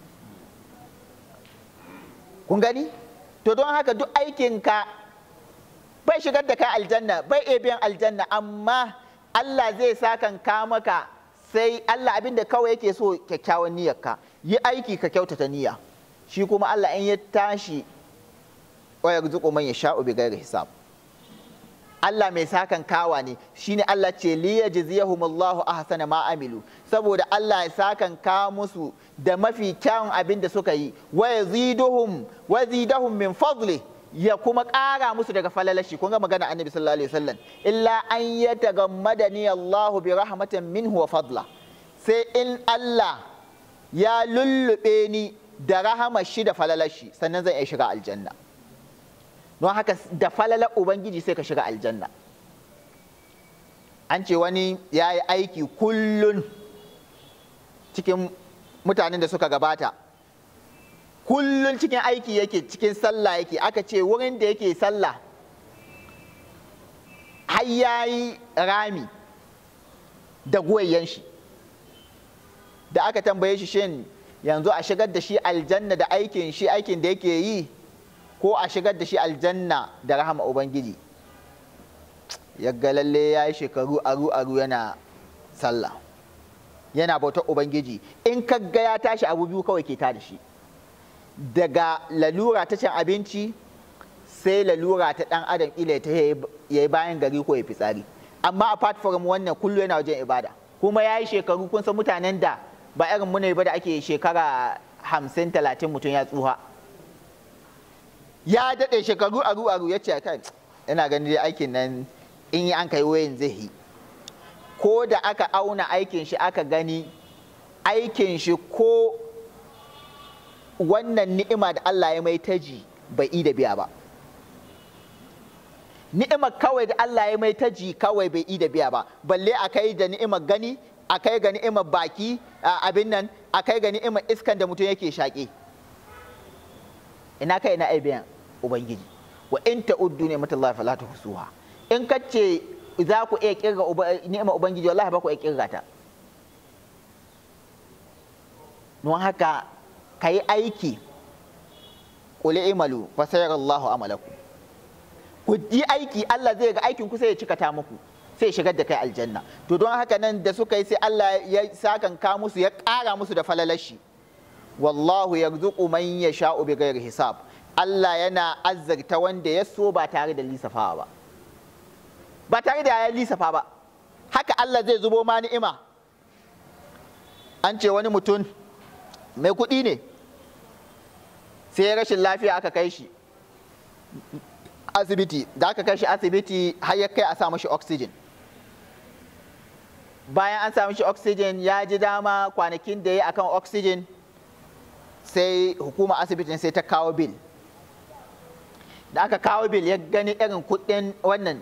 kun gani to don haka duk aikinka bai shigar da kai aljanna bai biyan aljanna amma Allah zai sakan ka maka sai Allah abin da kawai yake so kyakkyawan niyyarka yi aiki ka kyautata niyya shi kuma Allah in ya tashi wa manya man yasha'u gaira hisab Allah mai sakan kawa ne shine Allah ce li Allahu! ahsana ma amilu saboda Allah ya sakan kawo musu da mafi kyawun abin da suka yi wa yaziduhum wa yazidahum min fadli ya kuma ƙara musu daga falalashi kun ga magana annabi sallallahu alaihi wasallam illa an yatagammada ni Allahu bi rahmatin minhu wa fadla sai in Allah ya lullube ni da rahama shi da falalashi sannan zan iya shiga aljanna don haka da falalar ubangiji sai ka shiga aljanna an ce wani ya yi aiki kullun cikin mutanen da suka gabata kullun cikin aiki yake cikin sallah yake aka ce wurin da yake sallah har ya yi rami da goyayyen shi da aka tambaye shi shin yanzu a shigar da shi aljanna da aikin shi aikin da yake yi ko a shigar da shi aljanna da rahama ubangiji yagga lalle ya yi shekaru aru aru yana sallah yana bautar ubangiji in kagga ya tashi abu biyu kawai ke ta da shi daga lalura ta cin abinci sai lalura ta dan adam ila ta ya yi bayan gari ko ya fitsari amma apart from wannan kullu yana wajen ibada kuma ya yi shekaru kun san mutanen da ba irin muna ba da ake shekara hamsin talatin mutum ya tsuha ya daɗe shekaru aru aru ya ce a kai ina ganin da aikin nan in yi an kai wayan zai yi ko da aka auna aikin shi aka gani aikin shi ko wannan ni'ima da Allah ya mai taji bai yi da biya ba ni'imar kawai da Allah ya mai taji kawai bai yi da biya ba balle a kai da ni'imar gani a kai ga ni'imar baki abin nan a kai ga ni'imar iskan da mutum yake shaƙe ina kai na aibiyan ubangiji wa in ta'uddu ne mata Allah fala tuhsuha in kace za ku iya kirga ni'ima ubangiji wallahi ba ku iya kirga ta don haka kai aiki qul imalu fa sayarallahu amalakum ku yi aiki Allah zai ga aikin ku sai ya cika ta muku sai shigar da kai aljanna to don haka nan da suka yi sai Allah ya sakan ka musu ya ƙara musu da falalashi wallahu yarzuqu man yasha'u bighairi hisab Allah yana azzarta wanda ya so ba tare da lisafawa ba ba tare da ya lisafa ba haka Allah zai zubo ma ni'ima an ce wani mutum mai kuɗi ne sai rashin lafiya aka kai shi asibiti da aka kai shi asibiti har ya kai a sa mashi oxygen bayan an sa mashi oxygen ya ji dama kwanakin da ya akan oxygen sai hukuma asibitin sai ta kawo bill da aka kawo bil ya gani irin kudin wannan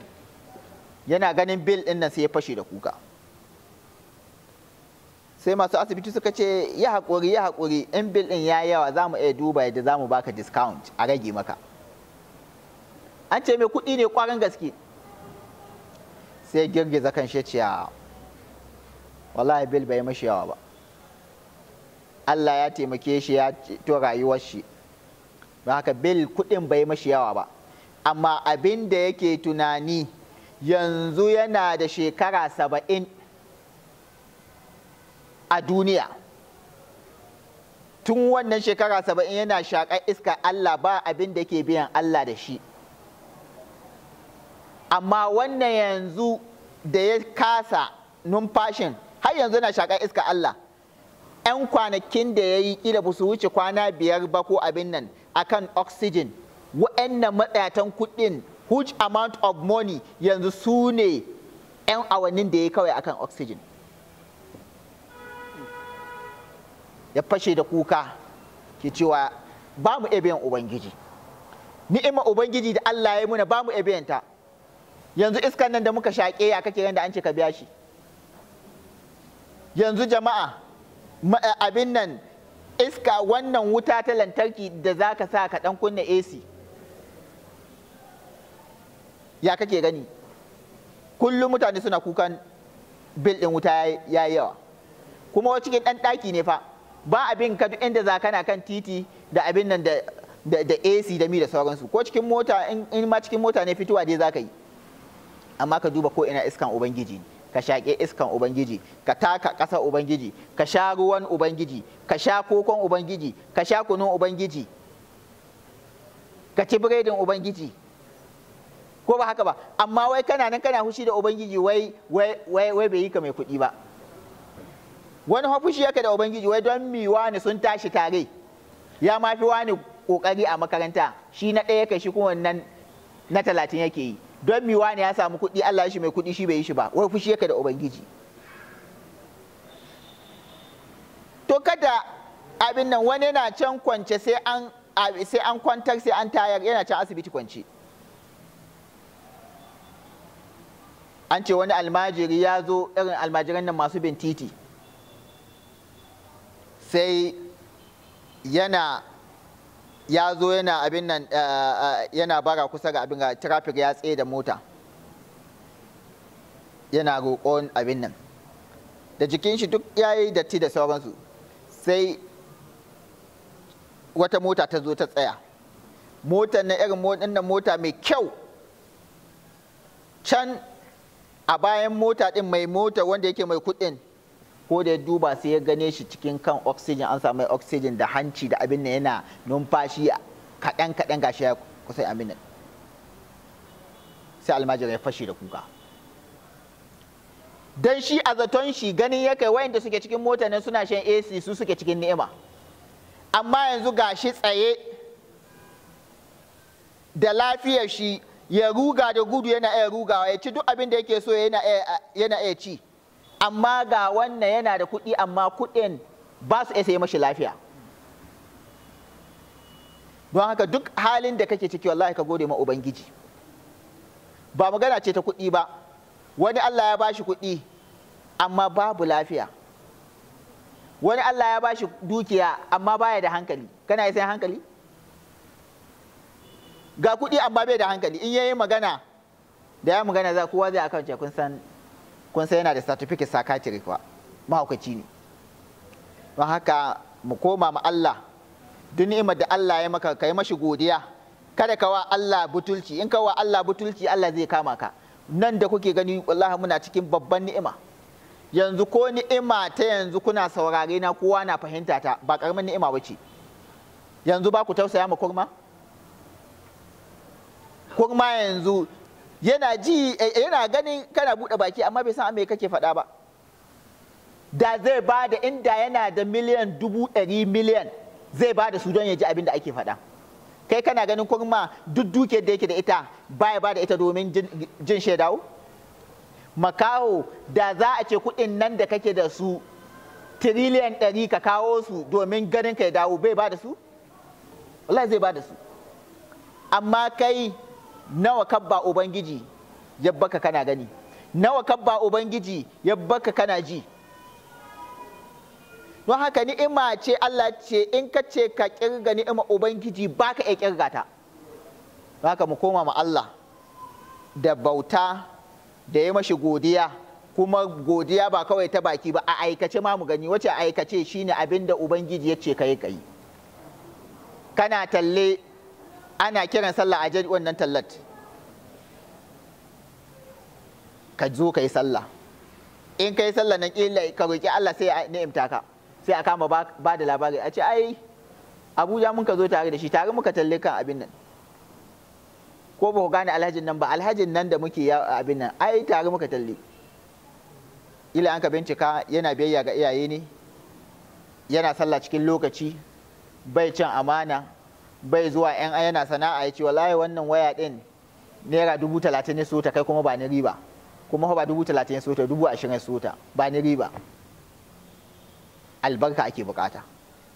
yana ganin bil ɗin nan sai ya fashe da kuka sai masu asibiti suka ce ya haƙuri ya haƙuri in bil ɗin ya yawa za mu iya duba yadda za mu baka discount a rage maka an ce mai kuɗi ne ƙwarin gaske sai girgiza kan shi ce wallahi bil bai mashi yawa ba Allah ya taimake shi ya to rayuwar shi ba haka bil kuɗin bai mashi yawa ba amma abin da yake tunani yanzu yana da shekara saba'in a duniya tun wannan shekara saba'in yana shaƙar iska Allah ba abin da ke biyan Allah da shi amma wannan yanzu da ya kasa numfashin har yanzu yana shaƙar iska Allah 'yan kwanakin da ya yi ƙila ba su wuce kwana biyar ba ko abin nan akan oxygen wa'annan matsayatan kuɗin huge amount of money yanzu su ne 'yan awannin da ya kawai akan oxygen ya fashe da kuka ke cewa ba mu 'yan ubangiji ni'ima ubangiji da Allah ya muna ba mu yanta. yanzu iskan nan da muka shaƙe ya kake yanda an ce ka biya shi yanzu jama'a eh, abin nan iska wannan wuta ta lantarki da za ka sa ka ɗan kunna AC ya kake gani kullum mutane suna kukan bil wuta ya yawa kuma cikin ɗan ɗaki ne fa ba abin ka duk inda za kana kan titi da abin nan da da AC da mi da sauransu ko cikin mota in ma cikin mota ne fitowa dai za ka yi amma ka duba ko ina iskan ubangiji ne ka shaƙe iskan ubangiji ka taka ƙasa ubangiji ka sha ruwan ubangiji ka sha kokon ubangiji ka sha kunun ubangiji ka ci biredin ubangiji ko ba haka ba amma wai kana nan kana hushi da ubangiji wai wai wai bai yi ka mai kuɗi ba wani hafushi yake da ubangiji wai don mi wani sun tashi tare ya mafi wani kokari a makaranta shi na ɗaya kai shi kuma nan na talatin yake yi don mi ne ya samu kuɗi Allah shi mai kuɗi shi bai yi shi ba wai fushi yake da ubangiji to kada abin nan wani na can kwance sai an sai an kwantar sai an tayar yana can asibiti kwance an ce wani almajiri ya zo irin almajiran nan masu bin titi sai yana ya zo yana abin nan eh, eh, yana bara kusa ga abin ga traffic ya tsaye da mota yana roƙon abin nan da jikin shi duk ya yi datti da sauransu sai wata mota ta zo ta tsaya motar na irin wannan mota mai kyau can a bayan mota din mai mota wanda yake mai kuɗin ko da ya duba sai ya gane shi cikin kan oxygen an samu oxygen da hanci da abin da yana numfashi kaɗan kaɗan gashi ya kusa abin sai almajira ya fashe da kuka dan shi a zaton shi ganin ya kai wayanda suke cikin mota nan suna shan AC su suke cikin ni'ima amma yanzu gashi tsaye da lafiyar shi ya ruga da gudu yana iya rugawa ya ci duk abin da yake so yana iya ci amma ga wannan yana da kuɗi amma kuɗin ba su iya mashi lafiya don haka duk halin da kake ciki wallahi ka gode ma ubangiji ba magana ce ta kuɗi ba wani Allah ya bashi kuɗi amma babu lafiya wani Allah ya bashi dukiya amma baya da hankali kana sai hankali ga kuɗi amma bai da hankali in yayi magana da ya magana za kowa zai akan kun san kun sai yana da certificate sakatiri kuwa mahaukaci ne don haka mu koma ma Allah duk ni'imar da Allah ya maka kai mashi godiya kada ka wa Allah butulci in ka wa Allah butulci Allah zai kama ka nan da kuke gani wallahi muna cikin babban ni'ima yanzu ko ni'ima ta yanzu kuna saurare na kowa na fahimta ta ba karamin ni'ima bace yanzu ba ku tausaya ma kurma kurma yanzu yana ji eh, eh, yana ganin kana buɗe baki amma bai san me kake faɗa ba da zai ba da inda yana da miliyan dubu ɗari miliyan zai ba da su don ya ji abin da ake faɗa kai kana ganin kurma duk duke da yake da ita baya ba da ita domin jin shaidawo makaho da za a ce kuɗin nan da kake da su tiriliyan ɗari ka kawo su domin ganin ka ya dawo bai ba da su wallahi zai ba da su amma kai nawa kabba ubangiji ya baka kana gani nawa kabba ubangiji ya baka kana ji don haka ni'ima ce Allah ce in ka ce ka kirga ni'ima ubangiji baka iya kirga ta haka mu koma ma Allah da bauta da ya mashi godiya kuma godiya ba kawai ta baki ba a aikace ma mu gani wace aikace shine abin da ubangiji ya ce ka yi kana talle ana kiran sallah a jan wannan tallat ka zo ka yi sallah in ka yi sallah nan ƙila ka roƙi Allah sai na'imta ka sai a kama ba da labari a ce ai Abuja mun ka zo tare da shi tare muka talle kan abin nan ko ba ku gane alhajin nan ba alhajin nan da muke ya abin nan ai tare muka talle ila an ka bincika yana biyayya ga iyaye ne yana sallah cikin lokaci bai cin amana bai zuwa yan yana sana'a ya ce wallahi wannan waya din naira dubu talatin ya sota kai kuma ba ni riba kuma ba dubu talatin ya sota dubu ashirin ya sota ba ni riba albarka ake bukata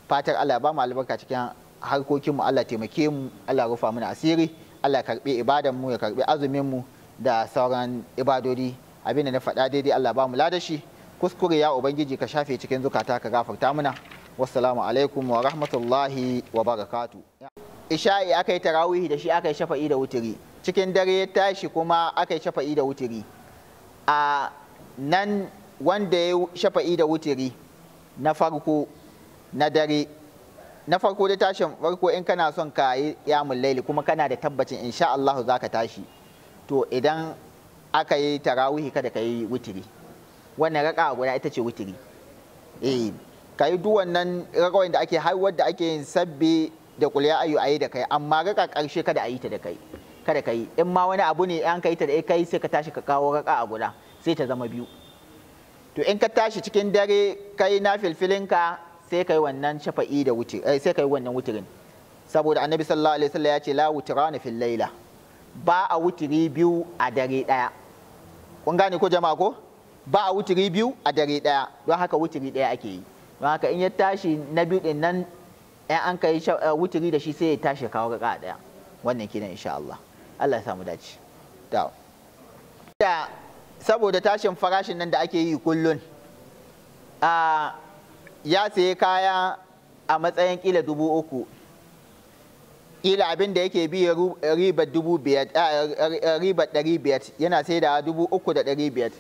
fatar Allah ba mu albarka cikin harkokin mu Allah taimake mu Allah rufa mana asiri Allah karbe ibadan mu ya karbe azumin mu da sauran ibadodi abin da na faɗa daidai Allah ba mu ladashi kuskure ya ubangiji ka shafe cikin zukata ka gafarta mana wassalamu alaikum wa rahmatullahi wa barakatu isha'i aka yi tarawihi da shi aka yi shafa'i da wutiri cikin dare ya tashi kuma aka yi shafa'i da wutiri a nan wanda ya shafa'i da wutiri na farko na dare na farko da tashin farko in kana son ka yi yamun laili kuma kana da tabbacin insha Allah za ka tashi to idan aka yi tarawihi kada ka yi wutiri wannan raka guda ita ce wutiri eh ka yi duk wannan da ake har wadda ake yin sabbi da kulya ayu ayi da kai amma raka karshe kada a yi ta da kai kada ka in ma wani abu ne an kai ta da kai sai ka tashi ka kawo raka a guda sai ta zama biyu to in ka tashi cikin dare kai na filfilinka sai kai wannan shafa'i da wuce eh, sai kai wannan wutirin saboda annabi sallallahu alaihi wasallam ya ce la wutirana fil laila ba a wutiri biyu a dare daya kun gane ko jama'a ko ba a wutiri biyu a dare daya don haka wutiri daya ake yi don haka in ya tashi na biyu din nan in an kai eh, wuturi da shi sai ya tashi kawo raka daya wannan kidan insha Allah Allah ya samu dace da saboda tashin farashin nan da ake yi kullun a ya sayi kaya a matsayin kila dubu uku kila abin da yake bi eh, ribar dubu biyar eh, ribar ɗari biyar yana sai da dubu uku da ɗari biyar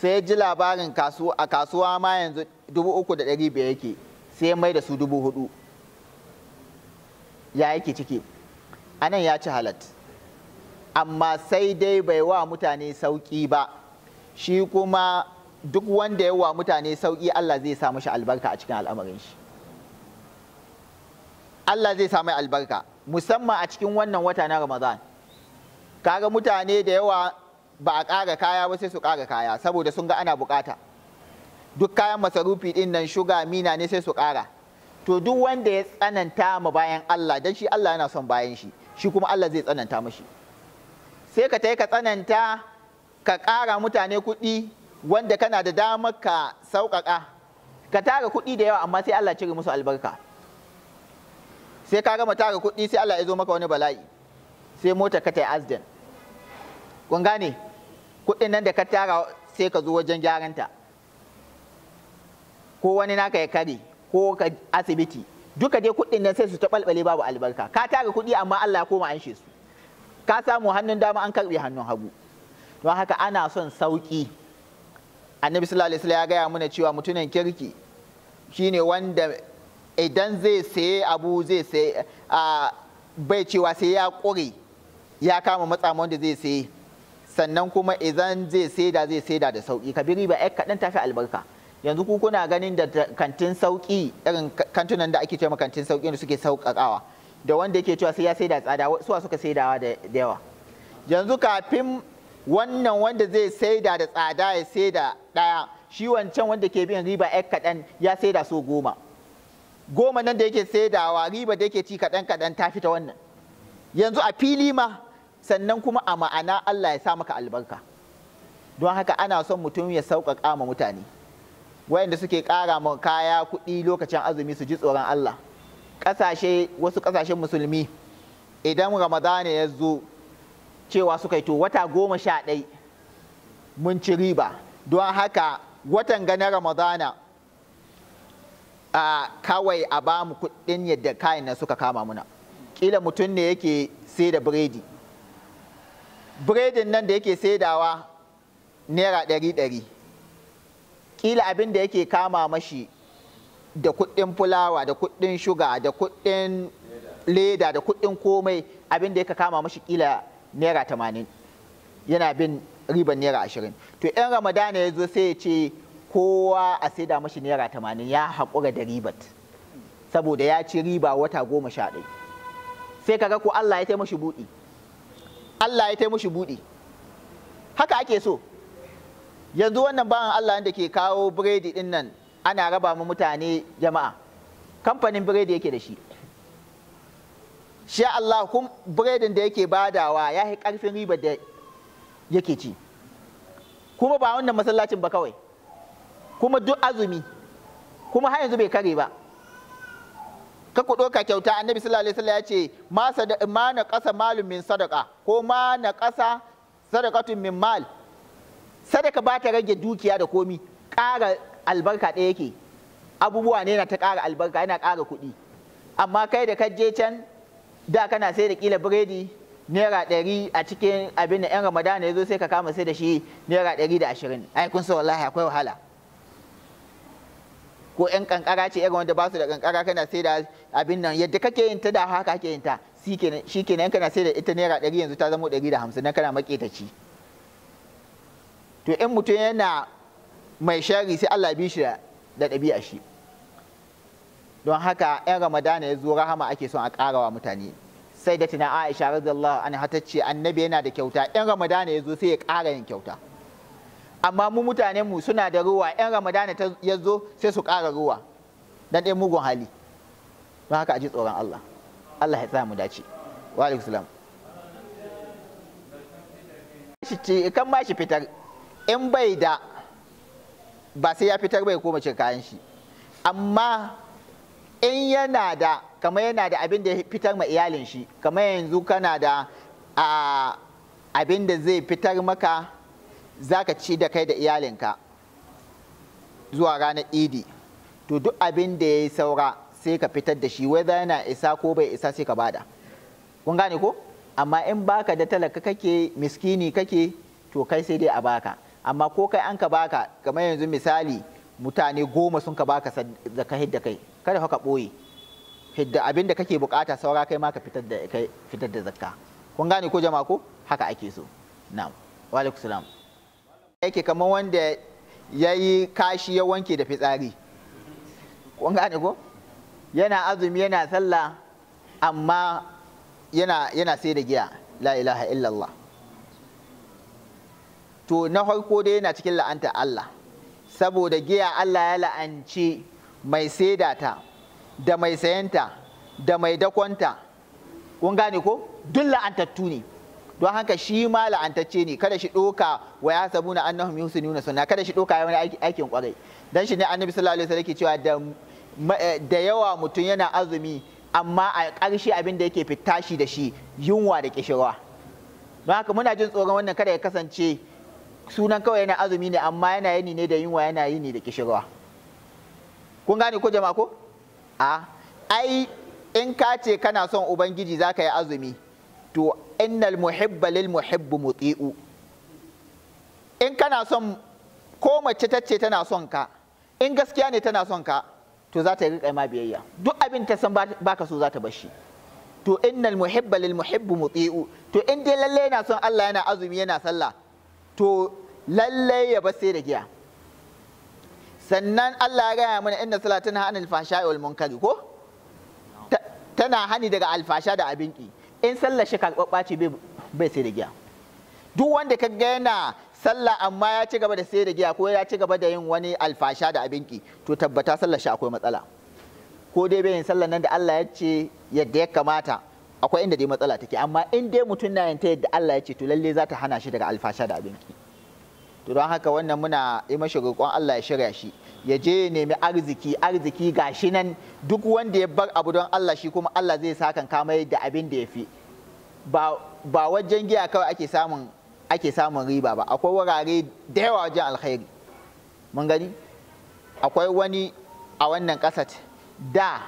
sai ji labarin a kasuwa ma yanzu dubu uku da ɗari biyar yake sai mai da su dubu hudu ya yake ciki anan ya ci halat amma sai dai bai wa mutane sauƙi ba shi kuma duk wanda ya wa mutane sauƙi Allah zai sa mashi albarka a cikin al'amarin shi Allah zai sa albarka musamman a cikin wannan wata na Ramadan kaga mutane da yawa ba a ƙara kaya ba sai su ƙara kaya saboda sun ga ana buƙata duk kayan masarufi ɗin nan shuga mina ne sai su ƙara to duk wanda ya tsananta ma bayan Allah dan shi Allah yana son bayan shi shi kuma Allah zai tsananta mashi sai ka tai ka tsananta ka ƙara mutane kuɗi wanda kana da damar ka sauƙaƙa ka tara kuɗi da yawa amma sai Allah cire musu albarka sai ka gama tara kuɗi sai Allah ya zo maka wani bala'i sai mota ka tai azden kun gane kuɗin nan da ka tara sai ka zo wajen gyaranta ko wani naka ya kare ko ka asibiti duka dai kuɗin nan sai su taɓalɓale babu albarka ka tara kuɗi amma Allah ya koma an shi su ka samu hannun dama an karɓe hannun hagu don haka ana son sauki. annabi sallallahu alaihi ya gaya mana cewa mutunan kirki shine wanda idan zai saye abu zai saye bai cewa sai ya ƙure ya kama matsamon da zai saye sannan kuma idan zai saida zai saida da sauƙi ka bi riba ɗan kaɗan tafi albarka yanzu ku kuna ganin da kantin sauki irin kantunan da ake cewa kantin sauki da suke sauƙaƙawa da wanda yake cewa sai ya saida tsada suwa suka saidawa da yawa yanzu kafin wannan wanda zai saida da tsada ya saida ɗaya shi wancan wanda ke biyan riba ɗan kaɗan ya saida so goma goma nan da yake saidawa riba da yake ci kaɗan kaɗan ta fita wannan yanzu a fili ma sannan kuma a ma'ana Allah ya sa maka albarka don haka ana son mutum ya sauƙaƙa ma mutane wayanda suke ƙara mu kaya kuɗi lokacin azumi su ji tsoron Allah ƙasashe wasu ƙasashen musulmi idan ramadana ya zo cewa suka yi to wata goma sha ɗai mun ci riba don haka watan gani ramadana a kawai a ba mu kuɗin yadda kayan nan suka kama muna ƙila mutum ne yake sai da biredi biredin nan da yake saidawa naira ɗari ɗari kila abin da yake kama mashi da kuɗin fulawa da kuɗin shuga da kuɗin leda da kuɗin komai abin da yake kama mashi kila naira tamanin yana bin riban naira ashirin to yan ramadana ya zo sai ya ce kowa a saida mashi naira tamanin ya haƙura da ribat saboda ya ci riba wata goma sha ɗaya sai kaga ko Allah ya taimashi buɗi Allah ya taimashi buɗi haka ake so yanzu wannan bawan Allah da ke kawo biredi din nan ana raba mu mutane jama'a kamfanin biredi yake da shi sha Allah kun biredin da yake badawa ya yi karfin riba da yake ci kuma ba wannan masallacin ba kawai kuma duk azumi kuma har yanzu bai kare ba ka ku ɗauka kyauta annabi sallallahu alaihi wasallam ya ce ma ma na qasa malum min sadaka ko ma na qasa sadaqatun min mal sadaka ba ta rage dukiya da komi ƙara albarka ɗaya yake abubuwa ne na ta ƙara albarka yana ƙara kuɗi amma kai da je can da kana sai da kila biredi naira ɗari a cikin abin da yan ramadana ya zo sai ka kama sai da shi naira ɗari da ashirin ai kun san wallahi akwai wahala ko yan kankara ce irin wanda ba su da kankara kana sai da abin nan yadda kake yin ta da haka kake yin ta shi kenan kana sai da ita naira ɗari yanzu ta zama ɗari da hamsin na kana maƙetaci. ci to in mutum yana mai shari sai Allah bi shi da ɗabi'a shi don haka yan ramadana ya zo rahama ake son a ƙarawa mutane sai da tuna aisha radiyallahu anha hata ce annabi yana da kyauta yan ramadana ya zo sai ya ƙara yin kyauta amma mu mutanen mu suna da ruwa yan ramadana ya zo sai su ƙara ruwa dan ɗaya mugun hali don haka a ji tsoron Allah Allah ya sa mu dace wa alaikum salam kan ma shi fitar in bai da ba sai ya fitar bai koma cin kayan shi amma in yana da kamar yana da abin da ya fitar ma iyalin shi kamar yanzu kana da abin da zai fitar maka za ka ci da kai da iyalinka zuwa ranar idi to duk abin da ya yi saura sai ka fitar da shi wai yana isa ko bai isa sai ka bada kun gane ko amma in baka da talaka kake miskini kake to kai sai dai a baka amma ko kai an ka baka kamar yanzu misali mutane goma sun ka baka ka hidda kai kada ka ɓoye hidda abin da kake bukata saura kai ma ka fitar da kai fitar da zakka kun gane ko jama'a ko haka ake so na'am wa alaikum salam yake kamar wanda yayi kashi ya wanke da fitsari kun gane ko yana azumi yana sallah amma yana yana sai da giya la ilaha illallah to na farko dai yana cikin la'anta Allah saboda giya Allah ya la'anci mai saida ta da mai sayanta da mai dakonta kun gane ko duk la'antattu ne don haka shi ma la'antacce ne kada shi doka wa ya sabu na annahum na sunna kada shi doka ya wani aikin kwarai dan shi ne annabi sallallahu alaihi wasallam cewa eh, da yawa mutum yana azumi amma a ƙarshe abin da yake fita shi da shi yunwa da kishirwa don haka muna jin tsoron wannan kada ya kasance sunan kawai yana azumi ne amma yana yini ne da yunwa yana yini da kishirwa kun gane ko jama'a ko a ai in ka ce kana son ubangiji za ka yi azumi to innal muhibba lil muhibbu muti'u in kana son ko mace ta ce tana son ka in gaskiya ne tana son ka to za ta yi ma biyayya duk abin ta san baka so za ta bar shi to innal muhibba lil muhibbu muti'u to in dai lalle yana son Allah yana azumi yana sallah to lallai ya ba sai da giya sannan Allah ya gaya mana inda sala tana hana alfasha wal munkari ko tana hani daga alfasha da abinki in sallar shi karɓaɓɓa ce bai sai da giya duk wanda ka ga yana sallah amma ya ci gaba da sai da giya ko ya ci gaba da yin wani alfasha da abinki to tabbata sallar shi akwai matsala ko dai bai yin sallar nan da Allah ya ce yadda ya kamata akwai inda dai matsala take amma in dai mutum na ta yadda Allah ya ce to lalle za ta hana shi daga alfasha da abin to don haka wannan muna yi mashi roƙon Allah ya shirya shi ya je ya nemi arziki arziki gashi nan duk wanda ya bar abu don Allah shi kuma Allah zai sakan kama yadda abin da ya fi ba ba wajen giya kawai ake samun ake samun riba ba akwai wurare da yawa wajen alkhairi mun gani akwai wani a wannan ƙasar da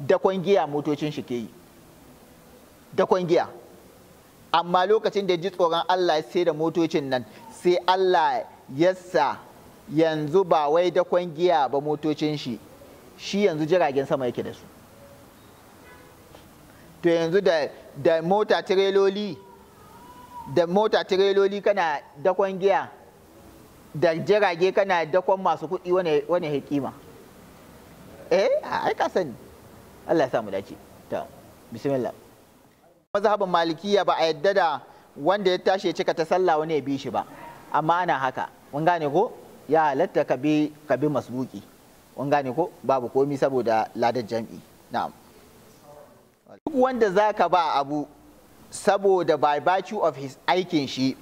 dakon giya motocin shi ke yi dakon giya amma lokacin da ji tsoron Allah sai da motocin nan sai Allah yasa yanzu ba wai dakon giya ba motocin shi shi yanzu jiragen sama yake da su to yanzu da, mota tireloli da mota tireloli kana dakon giya da jirage kana dakon masu kuɗi wani hakima. eh ai ka sani Allah ya samu dace ta bismillah mazhabin malikiya ba a yadda da wanda ya tashi ya cika ta sallah wani ya bi shi ba amma ana haka mun gane ko ya halatta ka bi ka bi masbuki mun gane ko babu komi saboda ladar jami'i na'am duk wanda zaka ba abu saboda by virtue of his aikin shi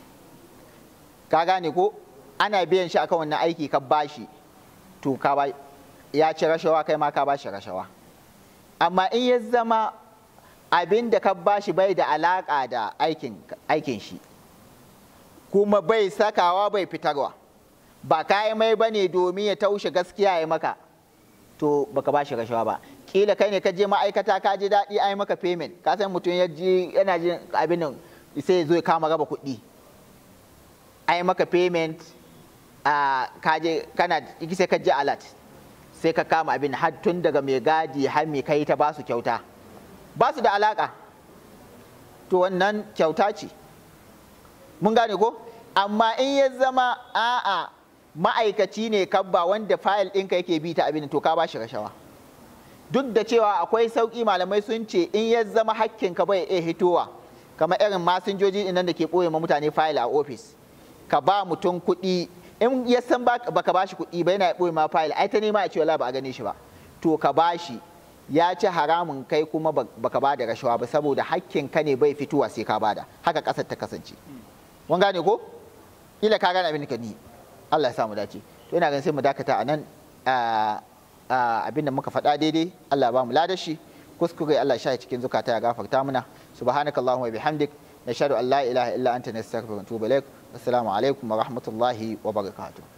ka gane ko ana biyan shi akan wannan aiki ka bashi to ka ba ya ci rashawa kai ma ka bashi rashawa amma in ya zama abin da ka ba shi bai da alaƙa da aikin shi kuma bai sakawa bai fitarwa ba ka yi mai ba ne domin ya taushe gaskiya ya maka to baka bashi rashawa ba kila kai ne ka je ma'aikata ka ji daɗi ai maka payment ka san mutum ya ji yana jin abin nan sai ya zo ya kama raba kuɗi ai maka payment a ka kana sai ka ji alert sai ka kama abin har tun daga mai gadi har mai kai ta ba su kyauta ba su da alaƙa to wannan kyauta ce mun gane ko amma in ya zama a'a ma'aikaci ne kabba wanda fayil ɗinka yake bi ta abin to ka ba shi rashawa duk da cewa akwai sauƙi malamai sun ce in ya zama hakkinka bai iya hitowa kamar irin masinjoji nan da ke ɓoye ma mutane fayil a ofis ka ba mutum kuɗi in ya san baka ba shi kuɗi ba yana ɓoye ma fayil ai ta nema a cewa ba a gane shi ba to ka ba shi ya ci haramun kai kuma baka ba da rashawa ba saboda hakkin ka ne bai fitowa sai ka bada haka kasar ta kasance mun gane ko ila ka gane abin ka ni Allah ya samu dace to ina ganin sai mu dakata anan abin da muka faɗa daidai Allah ba mu ladashi kuskure Allah sha cikin zukata ya gafarta muna subhanakallahumma bihamdik nashhadu an la ilaha illa anta nastaghfiruka wa natubu ilaik assalamu alaikum wa rahmatullahi wa barakatuh